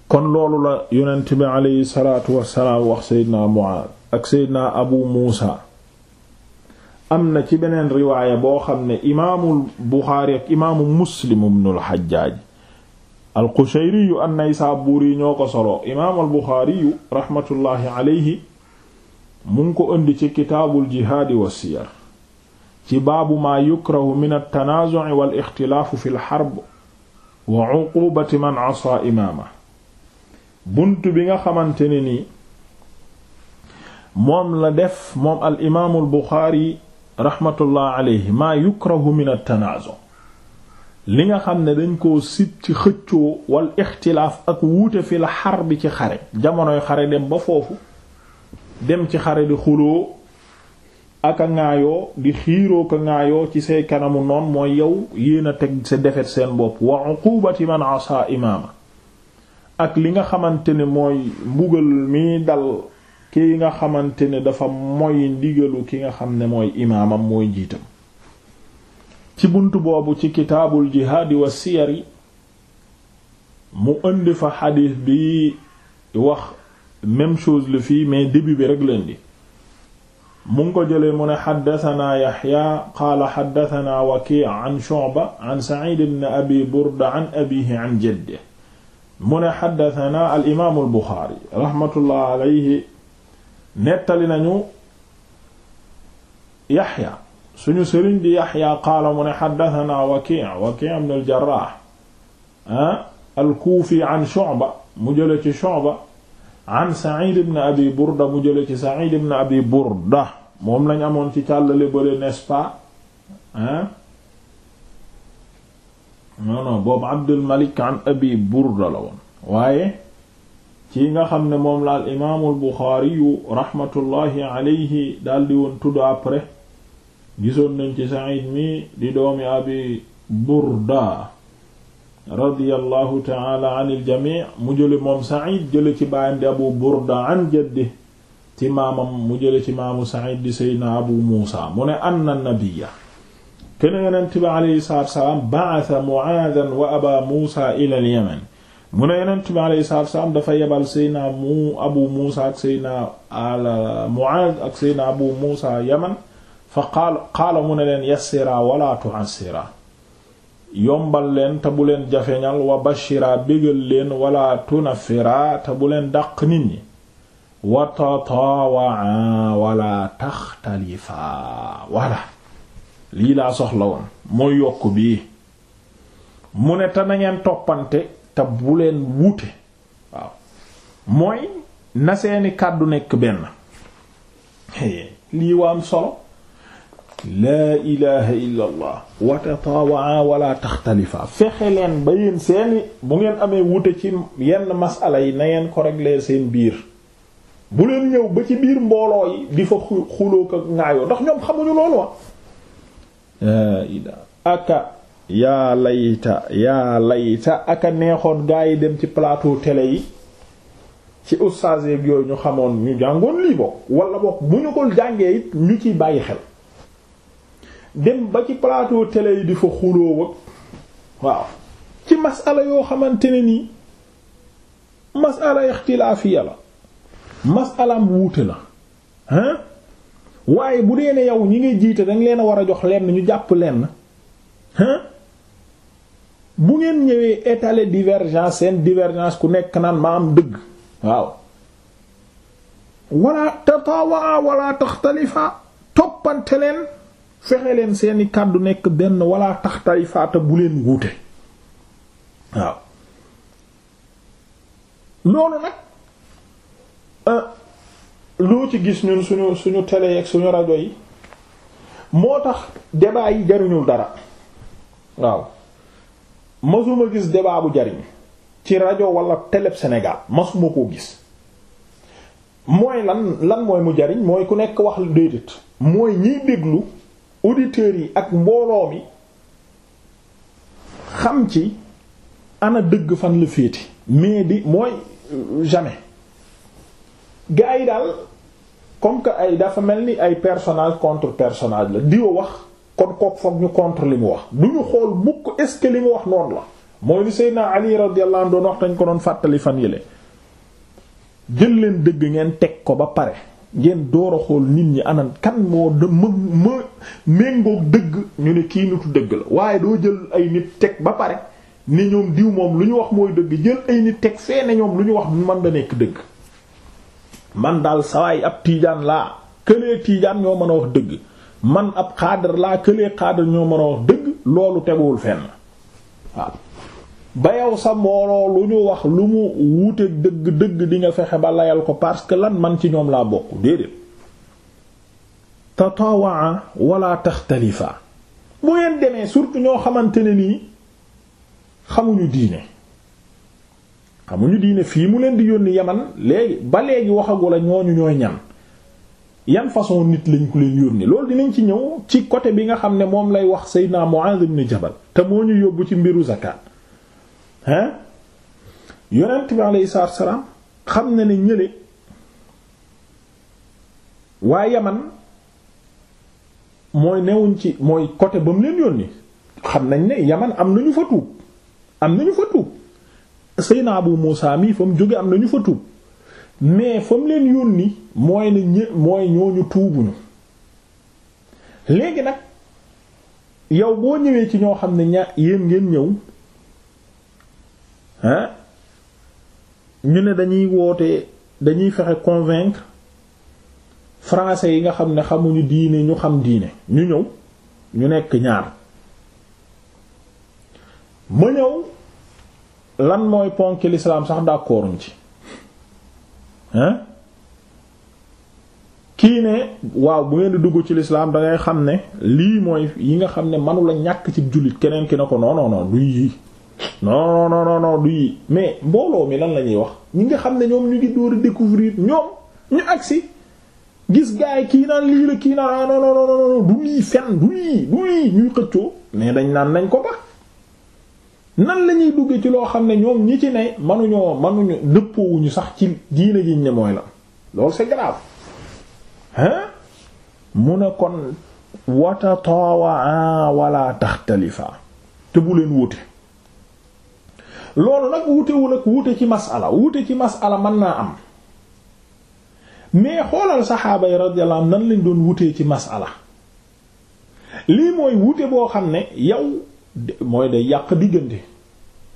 kon loolu la yonent bi aleyhi salaatu wassalaam wax Seydina Muaad ak Seydina Abu Muusa am na ci beneen riwaaya boo xam ne imaamul Buxaari ak imaamu Muslim ibnul Hajjaaj al-Qushayri yu an-Naysaburi ñoo ko solo imaamul Buxaari yu rahmatullahi ko indi ci kitaabul jihaadi wa siyar ci baabu maa yukrahu min at-tanaazu'i wal ixtilaafu fil harb wa uqubati man asaa imaama bunt bi nga xamante ne moom la def moom al imaamul rahmatullah ma maa yukrahu min at li nga xam ne dañ koo sib ci xëccoo wal ixtilaaf ak wuute fi la xar bi ci xare jamonoy xare dem ba foofu dem ci xare di xuloo ak a ŋaayoo di xiiroo ko ŋaayoo ci say kanamu noon mooy yow yéen a teg sa defet seen bopp wa uqubati man asa imaama ak li nga xamante ne mooy mbugal mi dal ki nga xamante ne dafa mooy ndigalu ki nga xam ne mooy imaamam mooy njiitam ci bunt boobu ci kitaabul jihaadi wa siyari mu indi fa xadiis bi wax même chose la fii mais début bi rek lendi mu ngi ko jëlee mu ne xaddatanaa yaxya qaala xaddatanaa waki an shu'ba an abi burda abihi an jedde mu ne xaddatanaa al imaamu alayhi nettali nañu yaxya suñu sëriñ di yaxya qaala mu ne xaddatanaa waki' waki' ibn al-jarraax ah al-kuufi an shu'ba mu jële ci shu'ba an sa'id ibn abi burda mu jële ci sa'id ibn abi burda moom lañ amoon ci càllale bale n'est-ce pas ah non non boobu abdul malik an abi burda la woon waaye ci nga xam ne moom la al imaamul Buxaari yu rahmatullahi alayhi daldi woon tudd après gisoon nañ ci Saïd mi di doomi abi Burda radiyallahu taala an il jamii mu jële moom Saïd jële mu jële ci sa Saïd di seydna abu Muusa mu ne anna nabiyya kene yonent bi alayhi salaatu wa salaam ba'atha Mu'aadan wa aba Muusa ila al Yaman mu ne yonent bi alayhi salaatu wassalaam dafa yebal seyna mu abu muusa ak seyna ala muaaz ak seyna abu muusa yaman fa qaala qaala mu ne leen yassira wala tu'assira yombal leen te bu leen jafeñal wa bashira bégal leen wala tunafira te bu leen dàq nit ñi wa tatawaa wala taxtalifa lii laa soxla woon mooy yokk bii mu ne te na toppante te bu leen wuute waaw mooy na seeni kàddu nekk benn lii waam solo laa ilaha illa allah wa wala taxtalifaa fexe leen ba yéen seeni bu ngeen amee wuute ci yenn masala yi na ngeen ko régler seen biir bu leen ñëw ba ci biir mbooloo yi di fa xuloo ko ngaayoo ndax ñoom xamuñu loolu wa aka yaa layta yaa layta aka neexoon gaa yi dem ci plateau tele yi ci ustaas yeeg yooyu ñu xamoon ñu jàngoon lii bokk wala bokk bu ñu ko jàngee it ñu ci bàyyi xel dem ba ci plateau tele yi di fa xuloo waaw ci masala yoo xamante ne nii masala ixtilaafiya la masalaam wuute la hein waaye bu dee ne yow ñi ngay jiite danga leen a war a jox lenn ñu jàpp lenn hein bu ngeen ñëwee étaler divergence seen divergence ku nekk naan ma am dëgg waaw wala tatawaa wala taxtalifa toppante leen fexe leen seeni kàddu nekk benn wala taxtalifa te bu leen wuute waaw loolu nag euh, loo ci gis ñun suñu suñu télé ak suñu rajo yi moo tax débat yi jaruñul dara waaw masuma gis débat bu jariñ ci rajo wala télé senegal masuma koo gis mooy lan lan mooy mu jariñ mooy ku nekk wax déedéet mooy ñiy déglu auditeurs yi ak mbooloo mi xam ci ana dëgg fan la féete mais di mooy euh, jamais gars yi daal comme que ay dafa mel ni ay personnage contre personnage la diwa wax kon kook foog ñu contre mu wax du ñu xool mukk est ce que li mu wax noonu la mooy li Seydina Ali radiyallahu anhu doon wax dañ ko doon fàttali fan yële jël leen dëgg ngeen teg ko ba pare ngeen door a xool nit ñi anan kan moo de ma dëgg ñu ne kii nitu dëgg la waaye doo jël ay nit teg ba pare ni ñoom diw moom lu ñu wax mooy dëgg jël ay nit teg fee ne ñoom lu ñu wax man da nekk dëgg man daal sawaay ab tiijaan laa këlee tiijaan ñoo mën a wax dëgg man ab xaadar laa këlee xaadar ñoo mën a wax dëgg loolu teguwul fenn waaw ba yow sa mbooloo lu ñu wax lu mu wuute dëgg dëgg di nga fexe ba layal ko parce que lan man ci ñoom laa bokk déedéet tatawaa tax taxtalifa bu ngeen demee surtout ñoo xamante ne nii xamuñu diine xamuñu diine fii mu leen di yónni yaman léegi ba léegi waxagu la ñooñu ñooy ñan yan façon nit lañ ko leen yónni loolu dinañ ci ñëw ci côté bi nga xam ne moom lay wax Seydina Muaz ibn Jabal te moo ñu yóbbu ci mbiru zakat hein yonent bi alayhi xam na ne ñële waa Yaman mooy newuñ ci mooy côté ba mu leen yónni xam nañ ne Yaman am nañu fa tuub am nañu fa tuub Seydina Abu Muusa mii fa mu jóge am nañu fa tuub mais fa mu leen yónni mooy ne ñë mooy ñooñu tuubuñu léegi nag yow boo ñëwee ci ñoo xam ne ña yéen ngeen ñëw ah ñu ne dañuy woote dañuy fexe convaincre français yi nga xam ne xamuñu diine ñu xam diine ñu ñëw ñu nekk ñaar ma ñëw lan mooy ponk l'islam sax d'accorduñ ci kii ne waaw bu ngeen di dugg ci lislaam da xam ne lii mooy yi nga xam ne manula ñàkk ci jullit keneen ki na ko non non non du yii non non du yii mais mbooloo mi lan la ñuy wax ñi nga xam ne ñoom ñu ngi door a découvrir ñoom ñu agsi gis gaay kii naan lii la kii naan ah non non du lii fen du lii du lii ñuy xëccoo mais dañ naan nañ ko ba nan la ñuy duggee ci loo xam ne ñoom ñi ci ne manuñoo manuñu dëppoowuñu sax ci diina jiñ ne mooy la loolu c'est grave hein mu ne kon wata toowa wala taxtalifa te bu leen wute loolu nag wutewul ak wute ci masala wute ci masala mën naa am mais xoolal saxaaba yi radiyallahu anhum nan lañ doon wutee ci masala lii mooy wute boo xam ne yow mooy day yàq diggante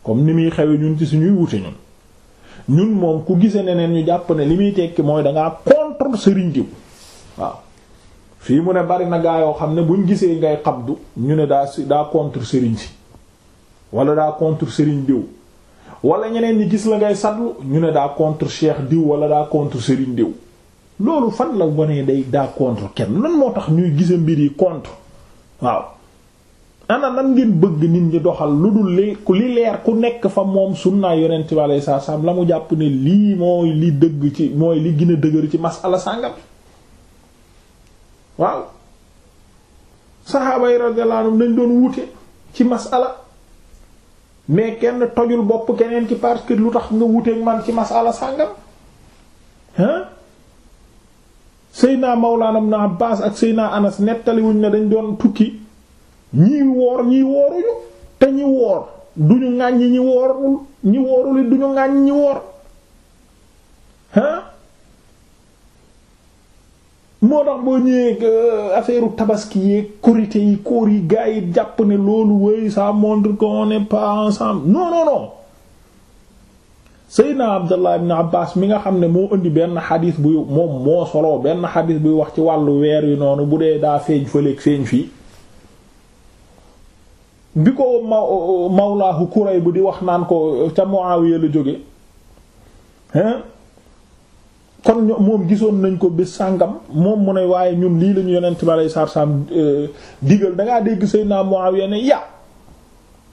comme ni muy xewe ñun ci suñuy wute ñun ñun moom ku gise neneen ñu jàpp ne li muy tekki mooy dangaa contre sëriñ diw waaw fii mu ne bari na gaa yoo xam ne buñ gisee ngay xabdu ñu ne daa si daa contre sëriñ si wala daa contre sëriñ diw wala ñeneen ñi gis la ngay sadlu ñu ne daa contre cheikh diw wala daa contre sëriñ diw loolu fan la wane day daa contre kenn lan moo tax ñuy gisee mbir yi contre waaw ana nan ngeen bëgg nit ñi doxal lu dul li li leer ku nekk fa moom sunnaa yonent bi alayhi salaam la mu jàpp ne lii mooy li dëgg ci mooy li gën a ci masala sàngam waaw saxaaba yi radiyallahu anhum dañ doon wuute ci masala mais kenn tojul bopp keneen ci parce lu tax nga wuuteeg man ci masala sàngam hein Seydina Mawlaana naa Abbaas ak naa Anas nettaliwuñ ne dañ doon tukki ñii woor ñii wooruñu te ñi woor duñu ŋàññi ñi woorul ñi woorul duñu ŋàññi ñi woor ah moo tax boo ñëwee euh, affaire tabaski yeeg korite yi koor yi gaa jàpp ne loolu wéy ça montre qu'on n'est pas ensemble non non non Seydina Abdallah ibn mi nga xam ne moo indi benn xadis buy moom moo solo benn xadis buy wax ci wàllu weer yi noonu bu dee daa feeñ fëleeg feeñ fii bi ko maw mawlaahu Kurayb bu di wax naan ko ca mois Muawiya la jóge hein kon moom gisoon nañ ko bés sàngam moom mu ne waaye ñun lii lañu yonent bi aleyhi salaatu salaam euh, digal dangaa dégg Seydina Muawiya ne ya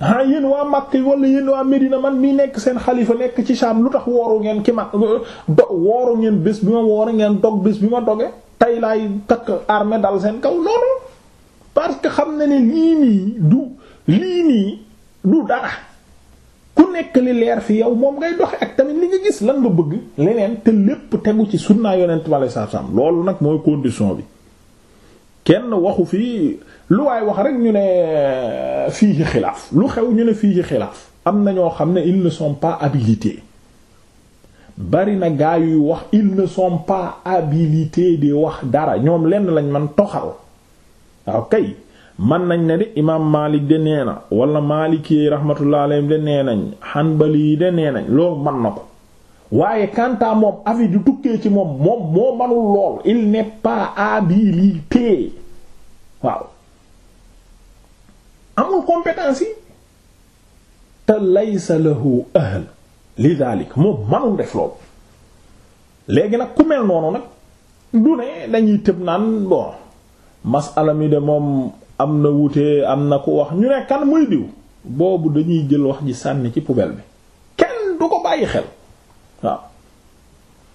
ah yéen waa yi wala yéen waa Medina man mii nekk seen xalifa nekk ci Sham lu tax wooru ngeen ki ma do wooru ngeen bés bi ma ngeen dog bés bi ma doge tey laay takk armée seen kaw non parce que xam ne lii nii du lii nii du dara ku nekk li leer fi yow moom ngay doxe ak tamit li nga gis lan nga bëgg leneen te lépp tegu ci sunnaa yonent bi alayhi salaam loolu nag mooy condition bi kenn waxu fii lu waay wax rek ñu ne euh, fii ci xilaaf lu xew ñu ne fii ci xilaaf am na ñoo xam ne ils ne sont pas habilités bari na gaa yuy wax ils ne sont pas habilités di wax dara ñoom lenn lañ man toxal waaw kay man nañ ne de imaam Maalik de nee na wala Maalikee rahmatullah alayhi de nee nañ Hanbali yi de nee nañ loolu man na ko waaye kantaa moom avis du tukkee ci moom moom moo manul lool il n'est pas habilité waaw amul compétence yi te laysa lahu ahl li dalik moom manul def lool léegi nag ku mel noonu nag du ne dañuy tëb naan bon masala mi de moom am na wute am na ku wax ñu ne kan muy diw boobu dañuy jël wax ji sànni ci poubelle bi kenn du ko bàyyi xel waaw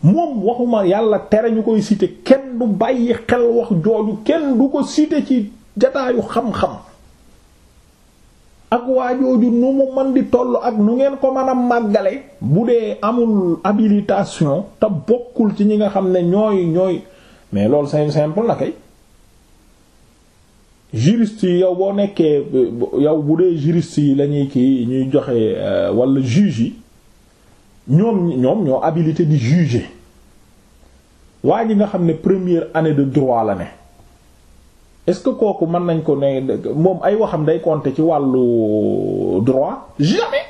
moom waxuma yàlla tere ñu koy siite kenn du bàyyi xel wax jooju kenn du ko siite ci jataayu xam-xam ak waa jooju nu mu man di toll ak nu ngeen ko mën a màggale bu dee amul habilitation te bokkul ci ñi nga xam ne ñooy ñooy mais loolu c'est simple na kay juriste yi yow boo nekkee yow bu dee juriste yi lañuy kii ñuy joxe euh, walla juge yi ñoom ñoom ñoo abilité di juger waa ji nga xam ne première année de droit la ne est-ce que kooku mën nañ ko ne moom ay waxam day compter ci wàllu droit jamais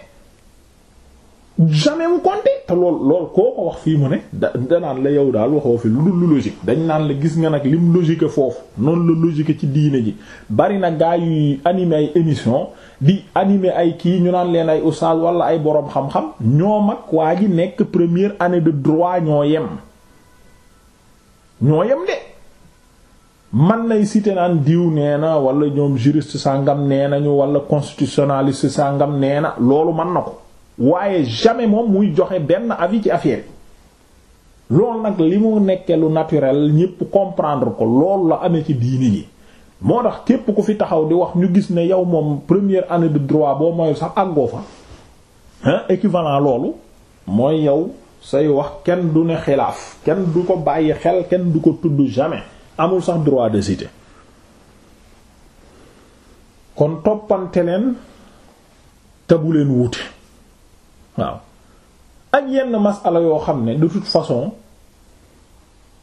jamais mu compté te lool lool koo ko wax fii mu ne da danaan la yow daal waxoo fi lu lu logique dañ naan la gis nga nag lim logique foofu noonu la logique ci diine ji bari na gaa yuy animé ay émission di anime ay kii ñu naan leen ay oustaz wala ay boroom xam-xam ñoo mag waa ji nekk première année de droit ñoo yem ñoo yem de man lay cité naan diw nee na wala ñoom juriste sàngam nee nañu wala constitutionnaliste sàngam nee na loolu mën na waaye jamais moom muy joxe benn yi ci affaire loolu nag li mu nekke lu naturel ñépp comprendre ko loolu la amee ci diini ji moo tax képp ku fi taxaw di wax ñu gis ne yow moom première année du droit boo mooy sax àggoo fa hein équivalent loolu mooy yow say wax kenn du ne xilaaf kenn du ko bàyyi xel kenn du ko tudd jamais amul sax droit de cité kon toppante leen te leen wuute waaw ak yenn masala yoo xam ne de toute façon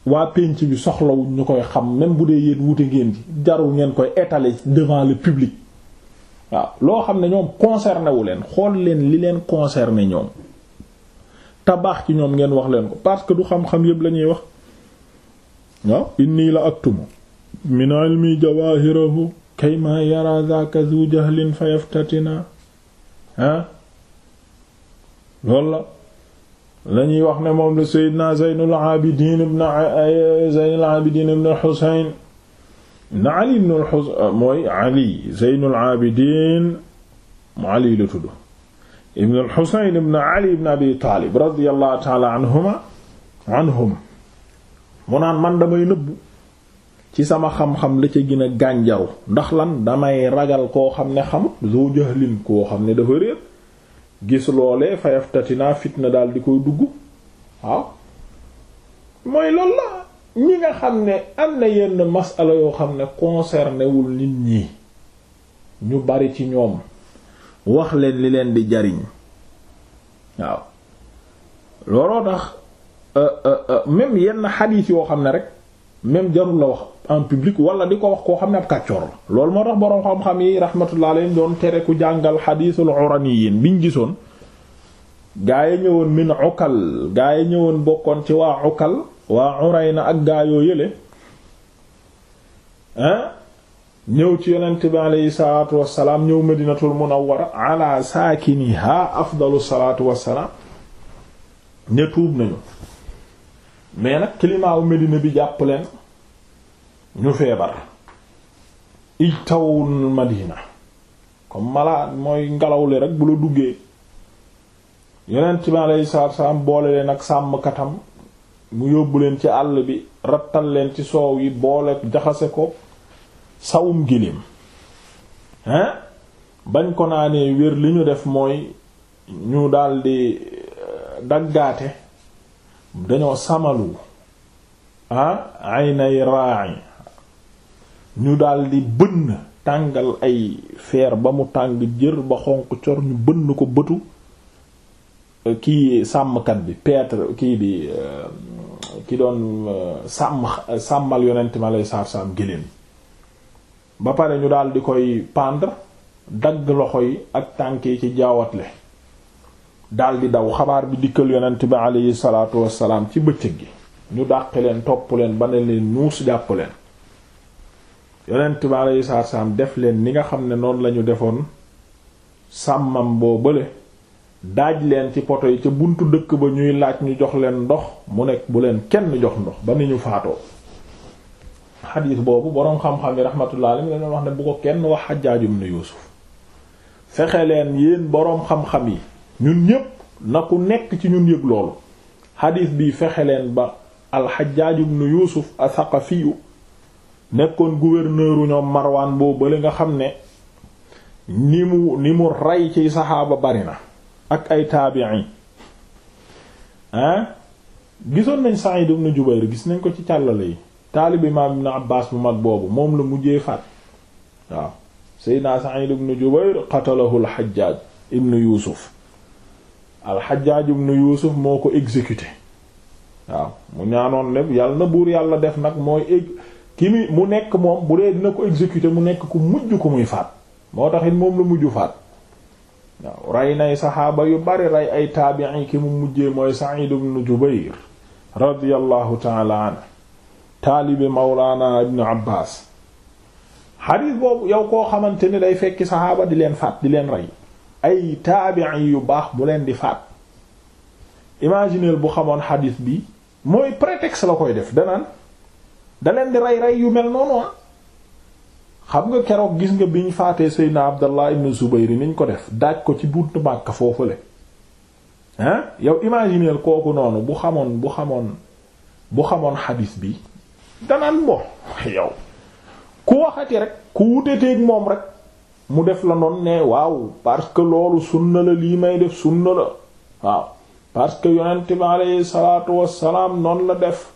waa penc bi soxlawuñ ñu koy xam même bu dee yéen wuti ngeen ci jarul ngeen koy étaler devant le public waaw loo xam ne ñoom concerné wu leen xool leen li leen concerné ñoom tabaax ci ñoom ngeen wax leen ko parce que du xam-xam yépp la wax waaw inni la aktumu min ilmi jawahirahu kay ma yara zaka zu jahlin fayaftatina ah loolu la lañuy wax ne moom la Seydina Zeynul Abidin ibn Zeynul Abidin ibn Husayn na al-Husayn mu Ali la tudd ibn al-Husayn ibn Ali ibn Abi Taalib radiyallahu ta'ala anhuma anhum mu naan man damay nëbbu ci sama xam-xam la ca gën a gànjaru ndax lan damay ragal koo xam ne xamut zoo jahlin koo xam ne dafa réer gis loolee fayaftatinaa fitna daal di koy dugg waaw mooy loolu la ñi nga xam ne am na yenn masala yoo xam ne concerné wul nit ñi ñu bari ci ñoom wax leen li leen di jariñ waaw looloo tax euh, euh, euh, même yenn xadiis yoo xam ne rek même jarul la wax en public wala di ko wax koo xam ne ab kàccoor la loolu moo tax boroom xam-xam yi rahmatullah alayhim doon tere ku jàngal xadiisul uraniyin biñ gisoon gaa yi ñëwoon min ukal gaa yi ñëwoon bokkoon ci waa ukal waa urayna ak gaa yoo yële ñëw ci yonent bi aleyhi salaatu wassalaam ñëw madinatul munawwara ala saakiniha afdalu salaatu wassalaam ne tuub nañu mais nag climat Medina bi jàpp leen ñu feebar ij tawul madina comme malade mooy ngelaw li rek bu la duggee yonent bi alayhi salaatu salaam boole leen ak sàmmkatam mu yóbbu leen ci àll bi rattal leen ci soow yi boole jaxase ko sawum gilim hein bañ ko naanee wér li ñu def mooy ñu daldi euh, daggaate dañoo samalu ah aynay ra'i ñu daldi bënn tàngal ay feer ba mu tàng jër ba xonq cor ñu bënn ko bëtu euh, kii sàmmkat bi Piètre kii bi euh, ki doon euh, sàmm sàmmal yonent ma lay saar saam géléem ba pare ñu daldi koy pendre dagg loxo yi ak tànk yi ci jaawatle daldi daw xabaar bi dikkal yonent bi aleyhi salaatu wassalaam ci bëccëg gi ñu dàq leen topp leen ba ne leen nuus jàpp leen yonent yu alayhi salaam def leen ni nga xam ne noonu lañu defoon sàmmam boo bële daaj leen ci poto yi ca buntu dëkk ba ñuy laaj ñu jox leen ndox mu nekk bu leen kenn jox ndox ba ni ñu faatoo xadiis boobu boroom xam-xam yi rahmatullah alayhi dañu wax ne bu ko kenn wax xajaajum ne yuusuf fexe leen yéen boroom xam-xam yi ñun ñépp na ku nekk ci ñun yëg loolu xadiis bi fexe leen ba alxajaajum ne yuusuf asaqafiyu nekkoon gouverneur u ñoom Marwaan boo bale nga xam ne ni mu ni mu rey ci saxaaba bari ak ay taabi'i ah gisoon nañ Sa'id ibn Jubayr gis nañ ko ci càllale yi taalib imaam ibn Abbaas bu mag boobu moom la mujjee faat waaw Seydina Sa'id ibn Jubayr qatalahu al-Hajjaj ibn Yuusuf al-Hajjaj ibn Yuusuf moo ko exécuté waaw mu ñaanoon ne yàlla na buur yàlla def nag mooy ki mu nekk moom bu dee dina ko exécuter mu nekk ku mujj ku muy faat moo taxit moom la mujj faat waaw rey nay saxaaba yu bari rey ay taabi'i mu mujjee mooy Sa'id ibn Jubayr radiyallahu ta'ala anhu taalibe Mawlana ibn Abbas xadiis boobu yow koo xamante ni day fekki saxaaba di leen faat di leen rey ay taabi'i yu baax bu leen di faat imagineel bu xamoon xadiis bi mooy prétexte la koy def denaan da leen di rey rey yu mel noonu ah xam nga keroog gis nga bi ñu faatee Seydina Abdallah ibn Zubayr niñ ko def daaj ko ci buntu Makka foofule ah yow imaginer kooku noonu bu xamoon bu xamoon bu xamoon xadiis bi danaan bo yow ku waxati rek ku wuteteeg moom rek mu def la noon ne waaw parce que loolu sunna la lii may def sunna la waaw parce que yonent bi aleyhi salaatu wassalaam noonu la def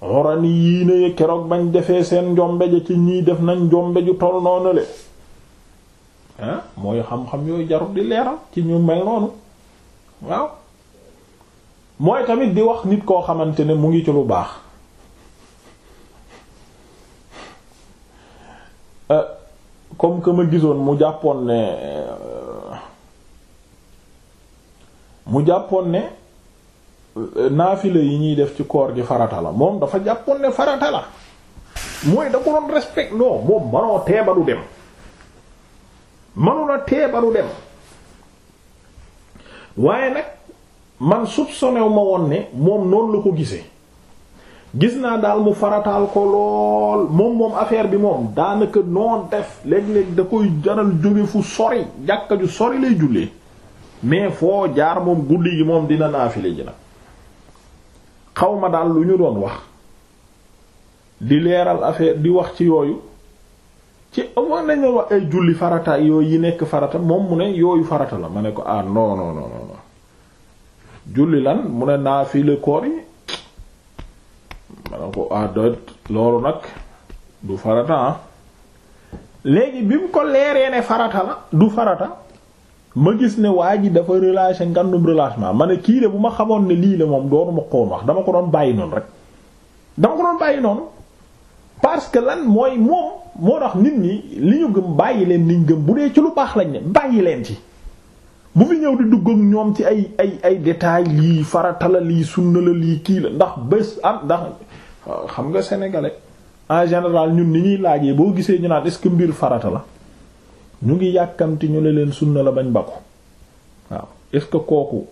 xorani yii ne keroog bañ defee seen njombe ja ci ñii def nañ njombe ju toll noonu le ah mooy xam-xam yooyu jarut di leeral ci ñu mel noonu waaw mooy tamit di wax nit koo xamante ne mu ngi ci lu baax euh, comme que ma gisoon mu jàppoon ne euh, mu jàppoon ne naafile yi ñuy def ci koor gi farata la moom dafa jàppoon ne farata la mooy da ko doon respect non moom manoo teeba dem manula teeba du dem waaye nag man soupçonné ma woon ne moom noonu la ko gisee gis naa daal mu farataal ko lool moom moom affaire bi moom daanaka noo def léeg-léeg da koy jaral jóge fu sori jàkka ju sori lay jullee mais foo jaar moom guddi gi moom dina naafile ji nag xawma daal lu ñu doon wax di leeral affaire di wax ci yooyu ci amoon nañu wax ay julli farata yooyu yi nekk farata moom mu ne yooyu farata la ma ne ko ah non non non julli lan mu ne naa fii la koor yi ma ne ko ah doy loolu nag du farata ah. léegi bi mu ko leeree ne farata la du farata. ma gis ne waa ji dafa relâché ngandum relâchement ma ne kii de bu ma xamoon ne lii la moom doonu ma koon wax dama ko doon bàyyi noonu rek dama ko doon bàyyi noonu parce que lan mooy moom moo tax nit ñi li ñu gëm bàyyi leen niñ gëm bu dee ci lu baax lañ ne bàyyi leen ci bu fi ñëw di dugg ak ñoom ci ay ay ay détails lii farata la lii sunna la lii kii la ndax bés am ndax xam nga sénégalais en général ñun ni ñuy laajee boo gisee ñu naan est-ce que mbir farata la ñu ngi yàkkamti ñu ne leen sunna la bañ ba ko waaw est-ce que kooku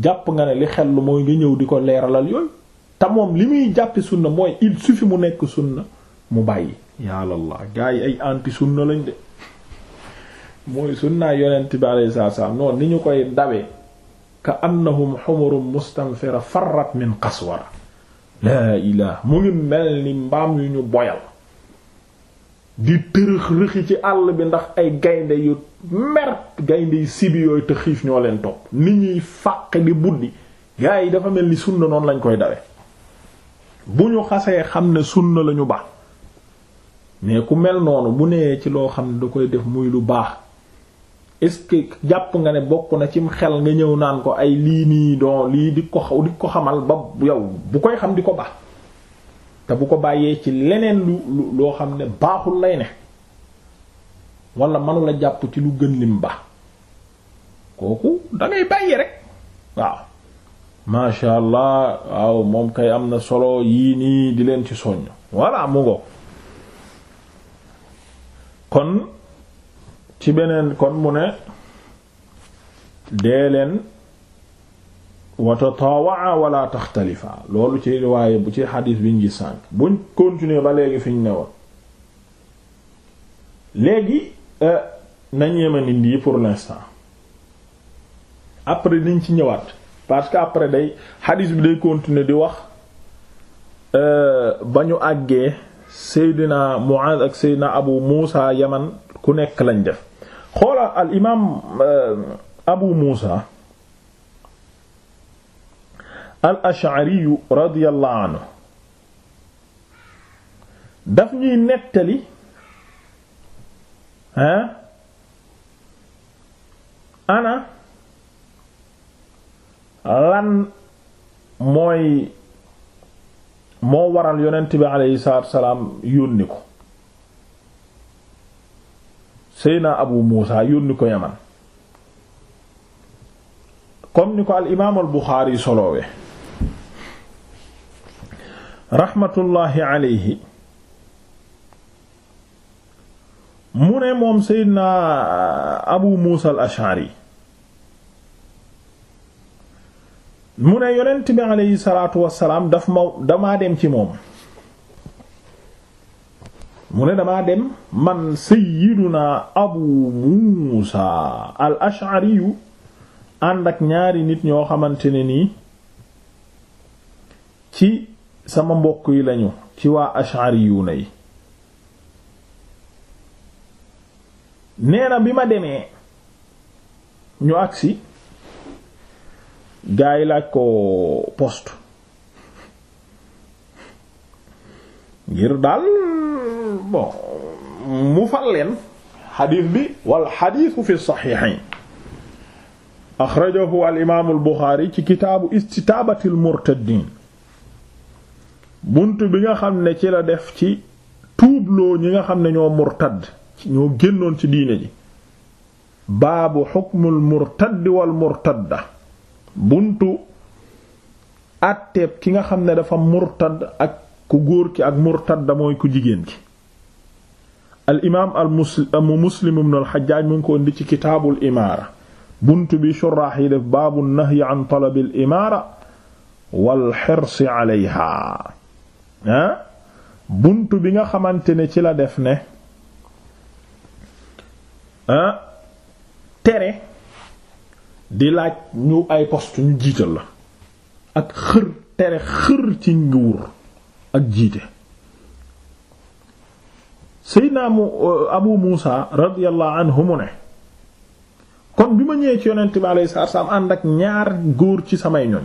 jàpp nga ne li xel mooy ngi ñëw di ko leeralal yooyu te moom li muy jàppi sunna mooy il suffit mu nekk sunna mu bàyyi yàllallah gars yi ay anti sunna lañ de mooy sunna yonent bi alayhi salaam noonu ni ñu koy dawee ka annahum humurun mustanfira farrat min qaswara laa ilaha mu ngi mel ni mbaam yu ñu boyal di tërëx rëxi ci àll bi ndax ay gaynde yu mer gaynde yu sibi yooyu te xiif ñoo leen topp ni ñuy fàq di buddi gaa yi dafa mel ni sunna noonu lañ koy dawe bu ñu xasee xam ne sunna lañu baax mais ku mel noonu bu nee ci loo xam ne du koy def muy lu baax est-ce que jàpp nga ne bokk na cim xel nga ñëw naan ko ay lii nii don lii di ko di ko xamal ba yow bu koy xam di ko baax te bu ko bàyyee ci leneen lu lu loo xam ne baaxul lay ne wala manula jàpp ci lu gën lim ba kooku da ngay bàyyi rek waaw masha allah waaw moom kay am na solo yii nii di leen ci soññ voilà mu ngo kon ci beneen kon mu ne dee leen wa tatawaa wala taxtalifa loolu ci waaye bu ci xadiis biñ gi sànk buñ continuer ba léegi fi ne woon léegi euh, nañ yeman indi pour l'instant après niñ ci ñëwaat parce que après day xadiis bi day continuer di wax euh, ba ñu àggee Seydina Muaz ak Seydina Abu Muusa yeman ku nekk lañ def xoola al imaam euh, Abu Muusa al ashariyu radiyallahu anhu daf ñuy nettali hein ana lan mooy moo waral yonent bi aleyhi salaatu salaam yónni ko Seyna Abu Muusa yónni ko Yaman comme ko al imaam al Buxaari solowee raxmatullaahi alayhi mu ne moom seydina abu muusa al mu ne yonent bi aleyhi salaatu wassalaam daf ma damaa dem ci moom mu ne damaa dem man seyyiduna abu muusa al ashari yu ànd ak ñaari nit ñoo xamante ne nii ci sama mbokk yi lañu ci waa ash'ariyuuna yi nee na bi ma demee ñu agsi gaa laaj ko poste ngir daal bon mu fal leen xadiis bi wal xadiisu fi saxiixayn axrajahu al imaamu al buxaari ci kitaabu istitaabatil murtaddiin bunt bi nga xam ne ci la def ci tuubloo ñi nga xam ne ñoo murtad ñoo génnoon ci diine ji baabu xukmul murtaddi wal murtadda buntu àtteeb ki nga xam ne dafa murtad ak ku góor ki ak murtadda mooy ku jigéen ki al imaam al muslim ibn al xajaaj mu ngi ko indi ci kitaabul imaara bunt bi shuraax yi def baabu nahyi an talabil imaara wal xirsi aleyha ah bunt bi nga xamante ne ci la def ne ah tere di laaj ñu ay poste ñu jiital la ak xër tere xër ci nguur ak jiite seydna mu uh, abu muusa radiyallahu anhu mu ne kon bi ma ñëwee ci yonent bi alayhi salaam ànd ak ñaar góor ci samay ñoñ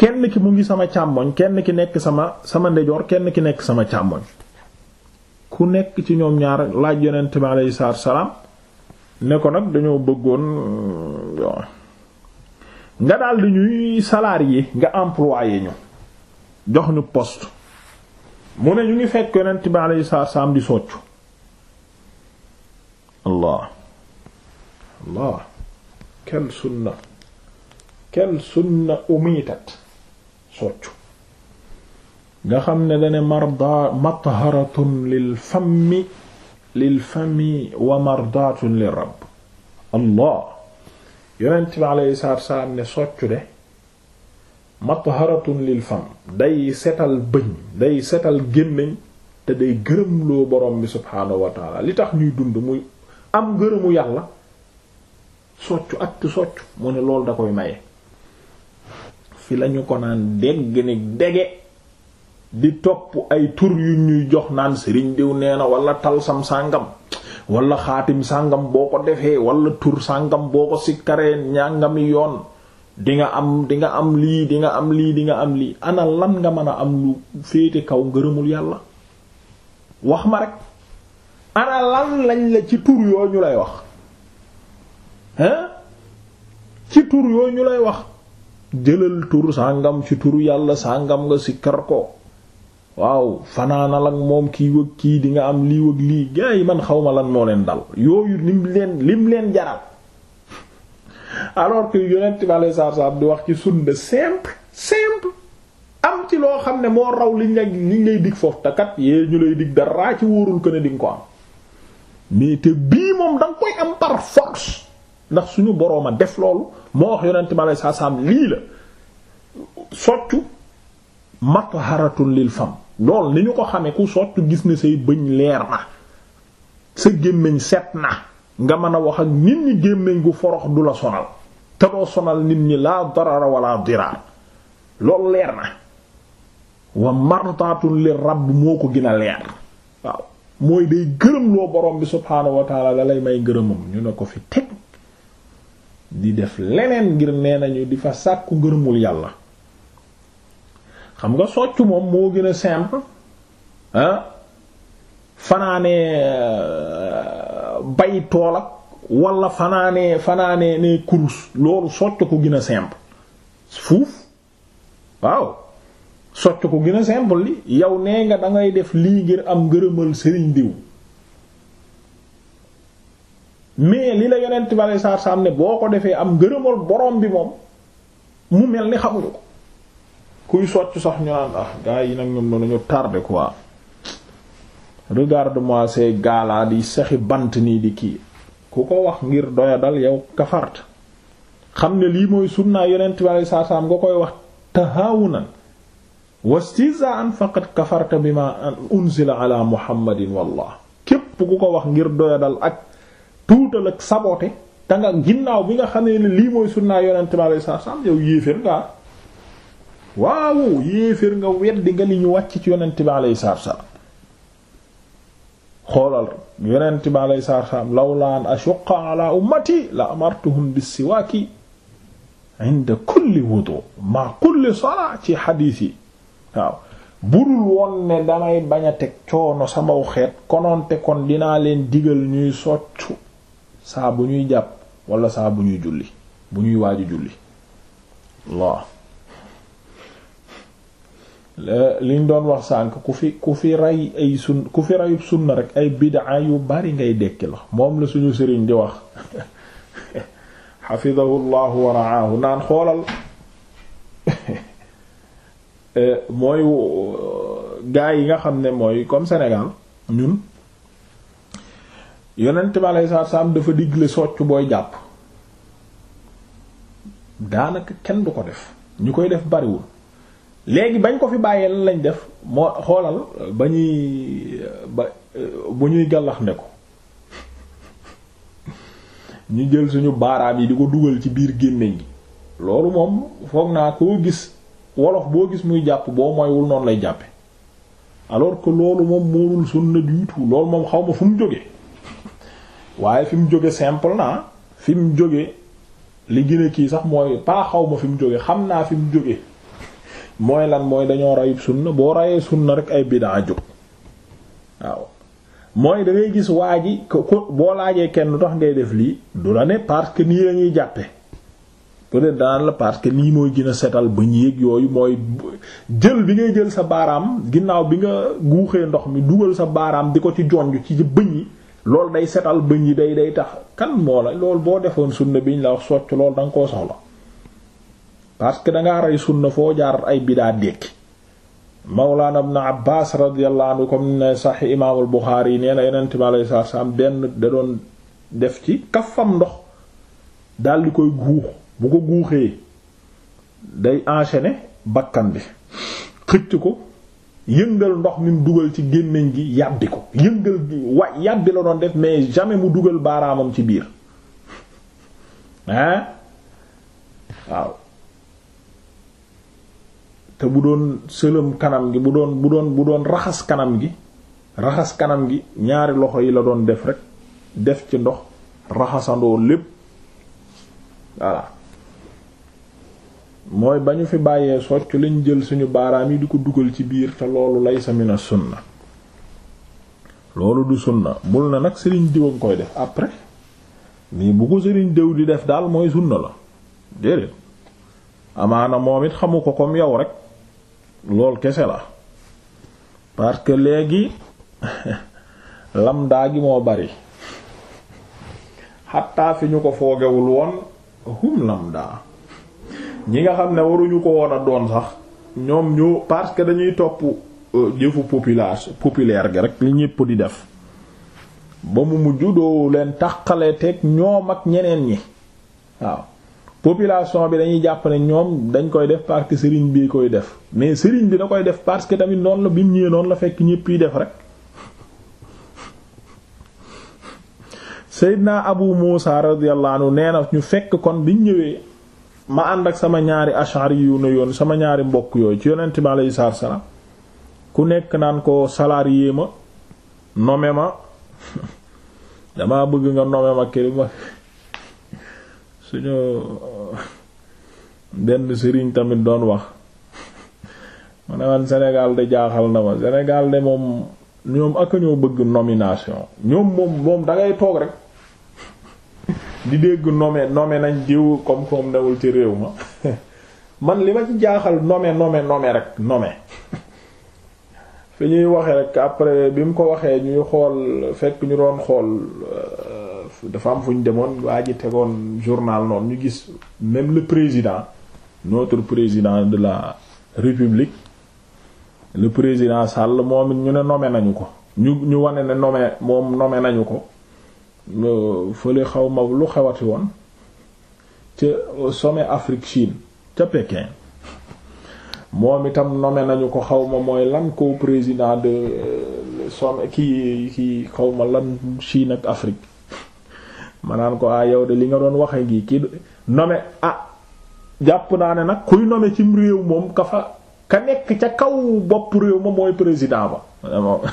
kenn ki mu ngi sama càmmoñ kenn ki nekk sama sama ndejoor kenn ki nekk sama càmmoñ ku nekk ci ñoom ñaar laaj yonent bi alayhi salaatu salaam ko nag dañoo bëggoon euh, nga daal di ñuy nga employé ñu jox ñu post mu ne ñu ngi fekk yonent bi alayhi salaatu salaam di soccu allah allah quelle sunna quelle sunna umitat soccu nga xam ne dane marda matharatun lil fammi lil fammi wa mardatun lil rabb allah yonent bi alayhi salaatu salaam ne soccu de matharatun lil fam day setal bëñ day setal gémmiñ te day gërëm loo borom bi subhaanahu wa taala li tax ñuy dund muy am gërëmu yàlla soccu ak soccu mu ne loolu da koy maye fi lañu ko naan dégg ni dege di topp ay tur yu ñuy jox naan sëriñ diw nee na wala talsam sàngam wala xaatim sàngam boo ko defee walla tur sàngam boo ko sikkaree ñàngami yoon di nga am di nga am lii di nga am lii di nga am lii ana lan nga mën a am lu féete kaw ngërëmul yàlla wax ma rek ana lan lañ la ci tur yooyu ñu lay wax hein ci tur yooyu ñu lay wax jëlal tur sàngam ci turu yàlla sàngam nga sikkar ko waaw fanaanal ak moom kii wëg kii dinga am lii wëg lii gaa yi man xawma lan moo leen dal yooyu lim leen lim leen jaral alors que yonent bi alei saatu di wax ci sunna simple simple am ci loo xam ne moo raw li la liñ lay dig foofu takat yee ñu lay dig daraa ci wóorul ko ne di nga ko am mais te bii moom danga koy am par ndax suñu borooma def loolu moo wax yonent mi aleyhi salaatu lii la soccu matharatun lil fam lool ni ñu ko xamee ku soccu gis ne say bëñ leer na sa gémmiñ set na nga mën a wax ak nit ñi gémmiñ gu forox du la sonal te doo sonal nit ñi laa darara wala diraar loolu leer na wa martaatun li rabb moo ko gën a leer waaw mooy day gërëm loo borom bi subhaanahu wa la lay may gërëmam ñu ne ko fi teg di def leneen ngir nee nañu di fa sàkku ngërëmul yàlla xam nga soccu moom moo gën a simple fanaane euh, bay tool ak wala fanaane fanaanee ne kurus loolu socc ko gën a simple fuuf waaw socc ko gën a simple li yow nee nga da ngay def lii ngir am ngërëmal sëriñ diw mais li la yonent bale saar sa am ne boo ko defee am ngërëmal boroom bi moom mu mel ni xamuñu ko kuy socc sax ñu naan ah gars yi nag ñoom noonu ñu tardé quoi regarde-moi ces gars-là di saxi bant nii di kii ku ko wax ngir doya dal yow kafart xam ne lii mooy sunnaa yonent bi alei saatu salaam nga koy wax tahaawunan wastizaan faqad kafarta bima unzila ala muhammadin wallah képp ku ko wax ngir doya dal ak tuutal ak saboté te nga ginnaaw bi nga xam ne lii mooy sunnaa yonent bi alayhi salaam yow yéeféer nga waaw yéeféer nga weddi nga li ñu wàcc ci yonent bi alayhi salaam xoolal yonent bi alayhi salaam lawla an ashqa ala ummati la amartuhum bis-siwaaki inda kulli wudu ma ci xadiis yi waaw budul woon ne damay bañ a teg coono samaw xeet konoonte kon dinaa leen digal ñuy soccu saa bu ñuy jàpp walla saa bu ñuy julli bu ñuy waaju julli waaw liñ doon wax sànk ku fi ku fi rey ay sun ku fi reyub sunna rek ay bidaa yu bari ngay dekki la moom la suñu sëriñ di wax xafidahu llahu wa raahu naan xoolal eh, mooy gaa yi nga xam ne mooy comme senegal ñun yonent bi alayhi salaatu salaam dafa digle soccu booy jàpp daanaka kenn du ko def ñu koy def bariwul léegi bañ ko fi bàyyee lañ def moo xoolal ba ñuy ba bu ñuy gàllax ne ko ñu jël suñu baaraam yi di ko dugal ci biir gémmiñ gi loolu moom foog naa koo gis wolox boo gis muy jàpp boo mooywul noonu lay jàppe alors ko loolu moom moolul sunna du tout loolu moom xaw ma fu mu jógee waaye fi mu jóge simple na fi mu jóge li gën a kii sax mooy paaxaw ma fi mu jóge xam naa fi mu jóge mooy lan mooy dañoo rayub sunna boo rayee na rek ay bidaa jóg waaw mooy da ngay gis waa ji ko boo laajee kenn lu tax ngay def lii du la ne parce que nii lañuy jàppe peut-être daan la parce que nii mooy gën a setal ba ñéeg yooyu mooy jël bi ngay jël sa baaraam ginnaaw bi nga guuxee ndox mi dugal sa baaraam di ko ci jonj ci bëñ yi loolu day setal bëñ yi day day tax kan moo la loolu boo defoon sunna biñ la wax socc loolu da koo soxla parce que dangaa rey sunna foo jaar ay bidaa dékki mawlaana ibn abbas radiyallahu anhu comme ne sax imaamul buxaari yi nee na yenente bi alayhi salaatu benn da doon def ci kafam ndox dal di koy guux bu ko guuxee day enchaîner bakkan bi xëcc ko yëngal ndox mi dugal ci gémmiñ gi yàbbi ko yëngal wa yàbbi la doon def mais jamais mu dugal baaraamam ci biir hein waaw te bu doon sëlëm kanam gi bu doon bu doon bu doon raxas kanam gi raxas kanam gi ñaari loxo yi la doon def rek def ci ndox raxasandoo lépp voilà mooy ba ñu fi bàyyee socc lañ jël suñu baaraam yi di ko dugal ci biir te loolu laysa mina sunna loolu du sunna bul na nag sëriñ diw nga koy def après nii bu ko sëriñ diw di def daal mooy sunna la déedéet amaana moom it xamu ko comme yow rek loolu kese la parce que léegi lamdaa gi moo bari xattaa fi ñu ko foogewul woon hum lamdaa ñi nga xam ne waruñu ko woon a doon sax ñoom ñu parce que dañuy topp euh, jëfu population populaire gi rek li ñépp di def ba mu mujj doo leen taqale teg ñoom ak ñeneen ñi waaw population bi dañuy jàpp ne ñoom dañ koy def parce que sëriñ bi koy def mais sëriñ bi da koy def parce que tamit noonu la bi mu ñëwee noonu la fekk ñépp yi def rek Seydina Abu Muusa radiyallahu anhu nee na ñu fekk kon bi ñu ñëwee ma ànd ak sama ñaari ash'ari yu ne yoon sama ñaari mbokk yooyu ci yonent bi alayhi salaatu salaam ku nekk naan ko salarié ma nommé ma damaa bëgg nga nommé ma kii ma uh, benn sëriñ tamit doon wax ma ne man Sénégal de jaaxal na ma Sénégal de moom ñoom ak ñoo bëgg nomination ñoom moom moom dangay toog rek. di dégg nommé nommé nañ diw comme comme newul ci réew ma man li ma jaaxal nommé nommé nommé rek nommé fi ñuy waxee rek après bi mu ko waxee ñuy xool fekk ñu doon xool euh, dafa am fu ñu demoon waa ji tegoon journal noonu ñu gis même le président notre président de la république le président Sall moom ñu ne nommé nañu ko ñu ñu wane ne nommé moom nommé nañu ko fële xaw ma lu xewati woon ca some Afrique Chine ca Pékin moom itam nome nañu ko xaw ma mooy lan ko président de euh, sommet kii kii xaw ma lan Chine ak Afrique ma naan ko ah yow de li nga doon waxe ngi kii nommé ah jàpp naa ne nag kuy nommé cim réew moom ka fa ka nekk ca kaw bopp réew ma mooy président ba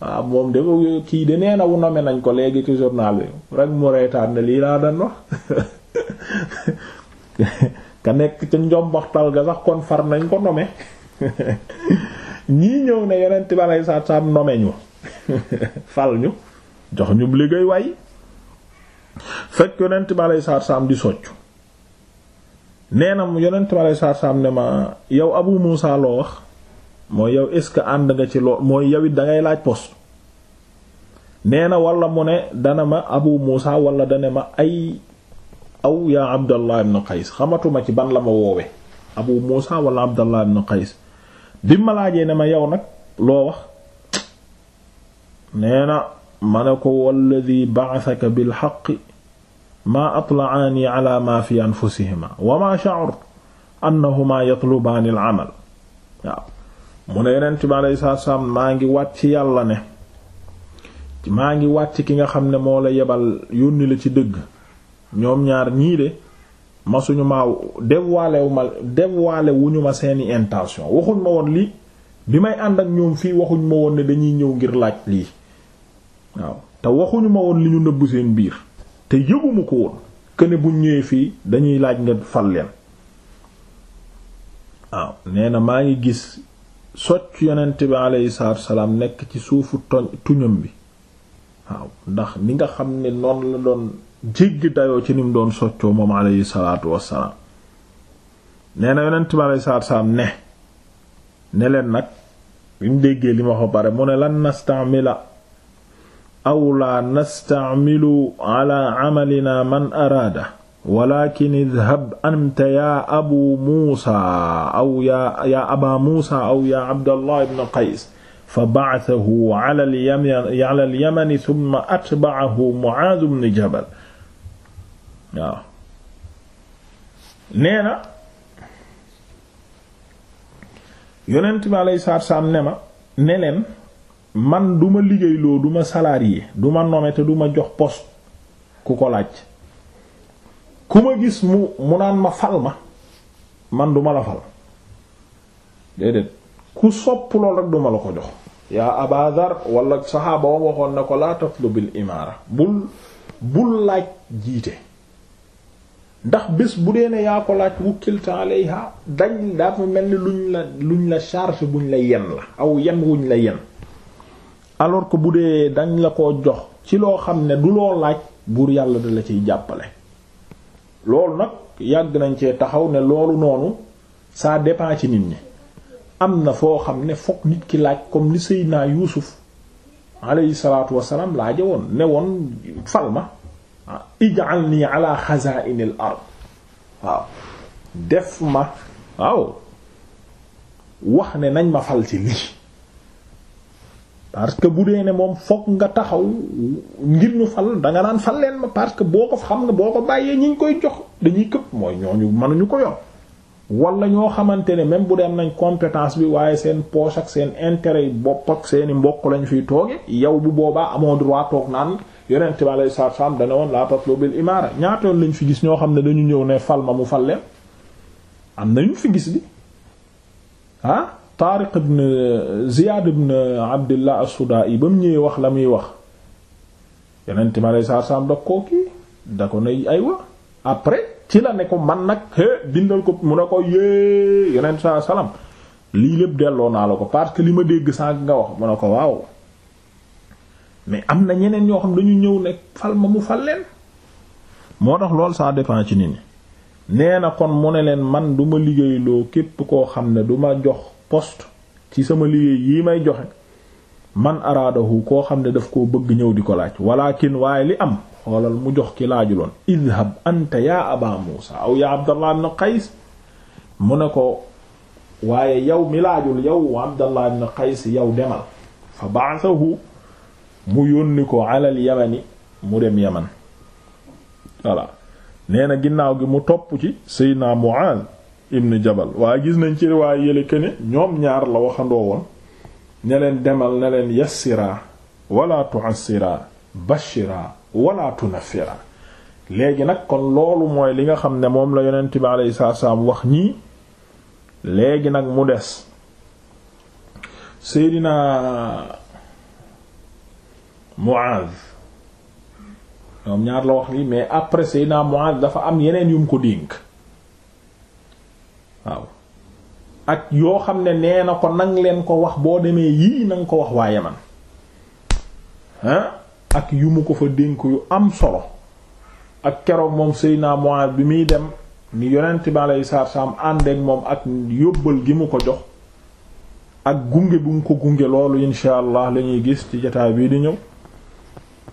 waaw ah, moom de kii de nee na wu nome nañ ko léegi ci journal bi rek mu reetaan ne lii laa daan wax ka nekk ca njombaxtal ga sax kon far nañ ko nome ñii ñëw ne yeneen tibalay saat saam nome fal ñu jox ñu liggéey way fekk yonent bi aleyhi salaatu di soccu nee na mu yonent bi aleyhi salaatu ne ma yow Abu Muusa loo wax mooy yow est-ce que ànd nga ci lool mooy yow dangay laaj poste nee na wala mu ne dana ma abu muusa wala dana ma ay aw yaa abdallah ibn qays xamatuma ci ban la ma woowe abu muusa wala abdallah ibn qays bi ma ne ma yow nag loo wax nee na ma ne ko walladi ba'athaka bil haqqi maa atla'aani ma fi anfusihima wa ma sha'ur annahuma al amal mu ne yeneen bi aleyi salaatu maa ngi wàcc yàlla ne maa ngi wàcc ki nga xam ne moo la yebal yónni la ci dëgg ñoom ñaar ñii de ma suñu ma dévoilé wu ma dévoilé wu ñu ma seeni intention waxuñ ma woon lii bi may ànd ak ñoom fii waxuñ ma woon ne dañuy ñëw ngir laaj lii waaw te waxuñu ma woon li ñu nëbb seen biir te yëguma ko woon këne buñ ñëwee fii dañuy laaj nga fal leen waaw nee na maa ngi gis socc yonent bi aleyhi salaatu salaam nekk ci suufu toñ tuñam bi waaw ndax ni nga xam ne noonu la doon jéggi dayoo ci ni mu doon soccoo moom aleyhi salaatu wassalaam nee na yonent bi aleyhi salaatu salaam ne ne leen nag bi mu déggee li ma ko pare mu ne lan nastaamila aw laa nastaamilu ala amalina man araada walakin idhab anta ya abu muusa aw ya ya aba muusa aw ya abdallah ibn qays fa ba'athahu ala al-yaman thumma atba'ahu mu'aaz ibn jabal waaw nee na yonent bi alayhi salaatu salaam ne ma ne leen man duma liggéeyloo duma salarié duma nommé te duma jox poste ku ko laaj ku ma gis mu mu naan ma fal ma man duma la fal ku sopp lool rek duma la ko jox yaa abadar wala saxaaba wam waxoon na ko laa tatlubil imaara bul bul laaj jiite ndax bés bu dee ne yaa ko laaj wukkilta alayha dañ dafa mel ni luñ la luñ la charge buñ la yen la aw yen wuñ la yen alors que bu dee dañ la ko jox ci loo xam ne du loo laaj buur yàlla da la ciy jàppale loolu nag yàgg nañ cee taxaw ne loolu noonu saa dépend ci nit ñi am na foo xam ne fokk nit ki laaj comme li Seydina Yuusuf alayhi salaatu wasalaam laaje woon ne woon fal ma ah, ij'alni ala xazaa'inil ard waaw def ma waaw wax ne nañ ma fal ci lii parce que bu dee ne moom fokk nga taxaw ngir ñu fal danga naan fal leen ma parce que boo ko xam nga boo ko bàyyee ñu ngi koy jox dañuy këpp mooy ñoo ñu ñooñu mënuñu ko yor wala ñoo xamante ne même bu dem nañ compétence bi waaye seen poche ak seen intérêt yi bopp ak seeni mbokk lañ fiy tooge yow bu boobaa amoo droit toog naan yonent bi alayhi salaatu salaam dana woon laa tatlu bil imaara ñaata yoon lañ fi gis ñoo xam ne dañu ñëw ne fal ma mu fal leen nañu fi gis bi Taariq ibn Ziyaad ibn Abdillah as-Sudaa'i ba mu ñëwee wax la muy wax yenent ma lay saar saam da koo kii da ko nay aywa après ci la ne ko man nag é bindal ko mu ne ko yée yenent saa salaam lii lépp delloo naa la ko parce que li ma dégg sànq nga wax mu ne ko waaw mais am na ñeneen ñoo xam dañu ñëw nekk fal ma mu fal leen moo tax loolu ça dépend ci nit ñi nee na kon mu ne leen man du ma liggéeyloo képp koo xam ne du ma jox poste ci sama liggéey yi may joxe man araadahu koo xam ne daf koo bëgg ñëw di ko laaj walakin waaye li am xoolal mu jox ki laajuloon idhab anta yaa aba muusa aw yaa abdallah ibn qays mu ko waaye yow mi yow abdallah ibn qays yow demal fa ba'athahu mu yónni ko alal yamani mu dem yaman voilà ginnaaw gi mu topp ci sayyidina mu'adh ibn jabal waaye gis nañ ci riwaaya yële këne ñoom ñaar la waxandoo woon ne demal ne leen yassira wala tu'assira bashira wala léegi nag kon loolu li nga xam ne moom la yonent bi alayhi salaam wax ñii léegi nag mu des Seydina Muaz ñoom ñaar la wax lii mais après Seydina Muaz dafa am yeneen yum ko dénk waaw ak yoo xam ne nee na ko nang leen ko wax boo demee yii nanga ko wax waa Yaman ah ak yu mu ko fa dénk yu am solo ak keroog moom sëy naa Muaaz bi muy dem ni yonent bi alayhi salaatu salaam moom ak yóbbal gi mu ko jox ak gunge bu mu ko gunge loolu insha lañuy gis ci jataay bii di ñëw